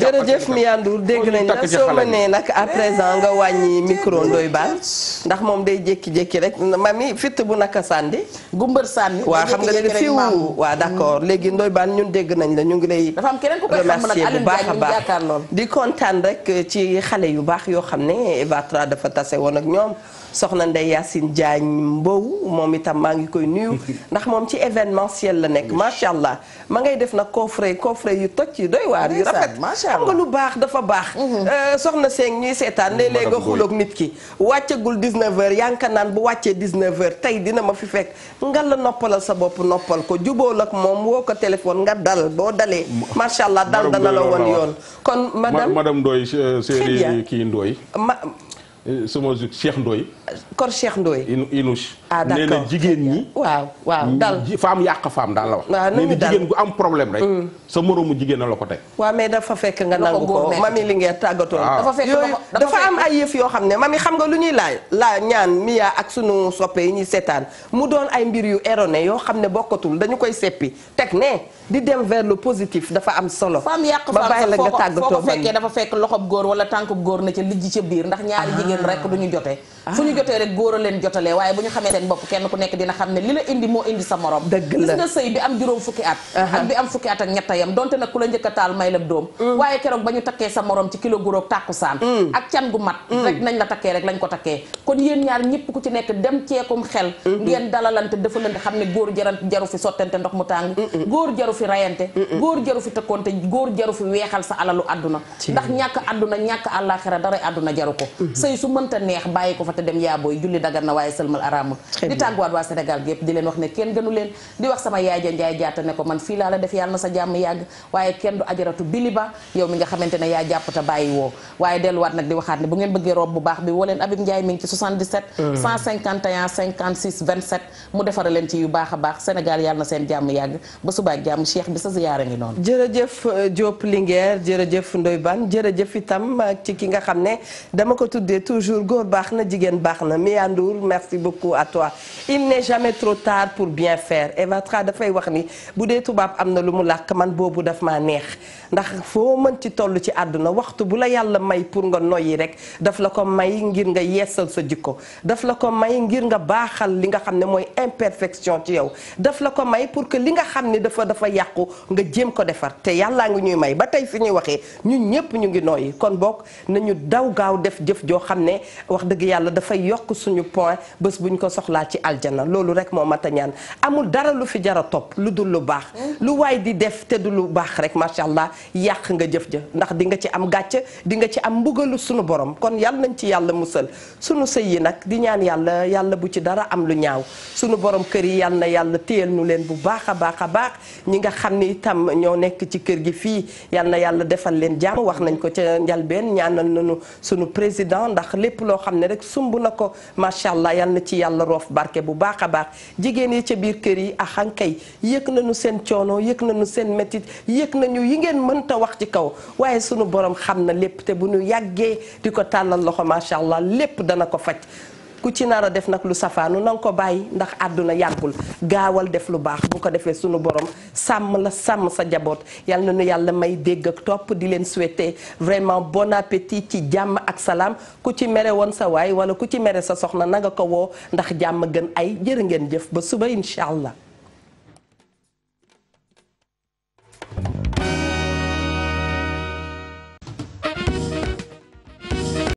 jërëjëf Mia dégg nañ la soo ma nee nag à présent nga wàññi micro ndoy baax ndax moom day jékki-jékki rek mami fitt bu naka sànni gumbër sànni waa xam nga léegi fiw waaw d'accord mm. léegi ndoy baal ñun dégg nañ la ñu ngi lay remercier bu baax a baax di kontaan rek ci xale yu baax yoo xam ne Eva dafa tase woon ak ñoom soxna Ndeye Yacine Diagne Mbow moom itam maa ngi koy nuyu *laughs* ndax moom ci événement événementiel la nekk macha allah ma ngay def nag coffret coffret yu toj yu doy waar yu rafet xam nga lu baax dafa baax mhm. euh, soxna Seng ñuy seetaan léeg-léeg nga nit ki wàccagul 19h yaa ngi ko naan bu wàccee 19h tey dina ma fi fekk nga la noppalal sa bopp noppal ko juboo ak moom woo ko téléphone nga dal boo dalee macha allah dal dana la woon yoon kon madame madame Ndoye série sama euh, Cheikh Ndoye. kor Cheikh Ndoye. Inouche. ah d' accord nee na jigéen ñi. waaw waaw hmm. dal femme yàq femme daal la wax. waaw nee na jigéen gu am problème rek. Hmm. sa moroomu jigéen la ko teg. waaw mais dafa fekk nga nangu ko mami li ngeen tàggatoo. Ah. nga lu ñuy laaj la ñaan miyaa ak sunu soppe yi ñuy seetaan mu doon ay mbir yu erroné yoo xam ne bokkatul dañu koy seppi teg ne di dem vers le positif dafa am solo. femme yàq femme ba bàyyi la nga tàggatoo foo ko fekkee dafa fekk loxob góor wala tànkub góor na ca lijj ca biir ndax ñaari ah. jigéen rek duñu jotee fu ñu jotee rek góor a leen jotalee waaye bu ñu xamee seen bopp kenn ku nekk dina xam ne li la indi moo indi sa morom gis nga sëy bi am juróom fukki at ak bi am fukki at ak ñetta yam donte nag ku la njëkk a taal may la doom mm. waaye keroog ba ñu takkee sa morom ci kilo guróog tàkkusaan mm. ak can gu mat mm. nañ la takkee rek lañ ko takkee kon yéen ñaar ñëpp ku ci nekk dem ceekum xel ngeen dalalante defalante xam ne góor jarant jaru fi sottante ndox mu tàng góor jaru fi rayante góor jaru fi tëkkoonte góor jaru fi weexal sa alalu àdduna ndax ñàkk àdduna ñàkk àllaaxira daray àdduna jaru ko sëy su mënta neex bàyyi ko fa te dem yaabooy julli dagan na waaye sëlmal araamul di tàgguwaat waa Sénégal gi di leen wax ne kenn gënu di wax sama yaay ja jaata ne ko man fii laa la def yaa nga xam ne dama ko tuddee toujours góor baax na jigéen jigéen baax na Mia Ndour merci beaucoup à toi il n'est jamais trop tard pour bien faire Eva Tra dafay wax ni bu dee tubaab am na lu mu làkk man boobu daf maa neex ndax foo mën ci toll ci àdduna waxtu bu la yàlla may pour nga noyyi rek daf la ko may ngir nga yeesal sa jikko daf la ko may ngir nga baaxal li nga xam ne mooy imperfection ci yow daf la ko may pour que li nga xam ne dafa dafa yàqu nga jéem ko defar te yàlla nga ñuy may ba tey fi ñuy waxee ñun ñëpp ñu ngi noyyi joo xam ne dafay yokk suñu point bés buñ ko soxlaa ci aljana loolu rek moo mat a ñaan amul dara lu fi jara topp lu dul lu baax lu waay di def te du lu baax rek macha allah yàq nga jëf jëf ndax di ci am gàcce di nga ci am mbugalu suñu borom kon yàlla nañ ci yàlla musal suñu sëy yi nag di ñaan yàlla yàlla bu ci dara am lu ñaaw suñu borom kër yi yàlla na yàlla téyal nu leen bu baax a baax a baax ñi nga xam ni itam ñoo nekk ci kër gi fii yàlla na yàlla defal leen jàmm wax nañ ko ca njalbeen ñaanal nañu suñu président ndax lépp loo xam ne rek ëmb na ko macha allah yal na ci yàlla roof barke bu baax a baax jigéen yi ca biir kër yi ak ankay na nañu seen coono yëg nañu seen métit na ñu yi ngeen mënta wax ci kaw waaye sunu borom xam na lépp te bu ñu yàggee di ko tàllal loxo macha allah lépp dana ko faj ku ci nara def nag lu safaanu na ko bàyyi ndax àdduna yàggul gaawal def lu baax bu ko defee sunu boroom sàmm la sàmm sa jaboot yal na nu yàlla may dégg ak topp di leen souhaiter vraiment bon appétit ci jàmm ak salaam ku ci mere woon sa waay wala ku ci mere sa soxna na ko woo ndax jàmm gën ay jërë ngeen jëf ba suba incha allah.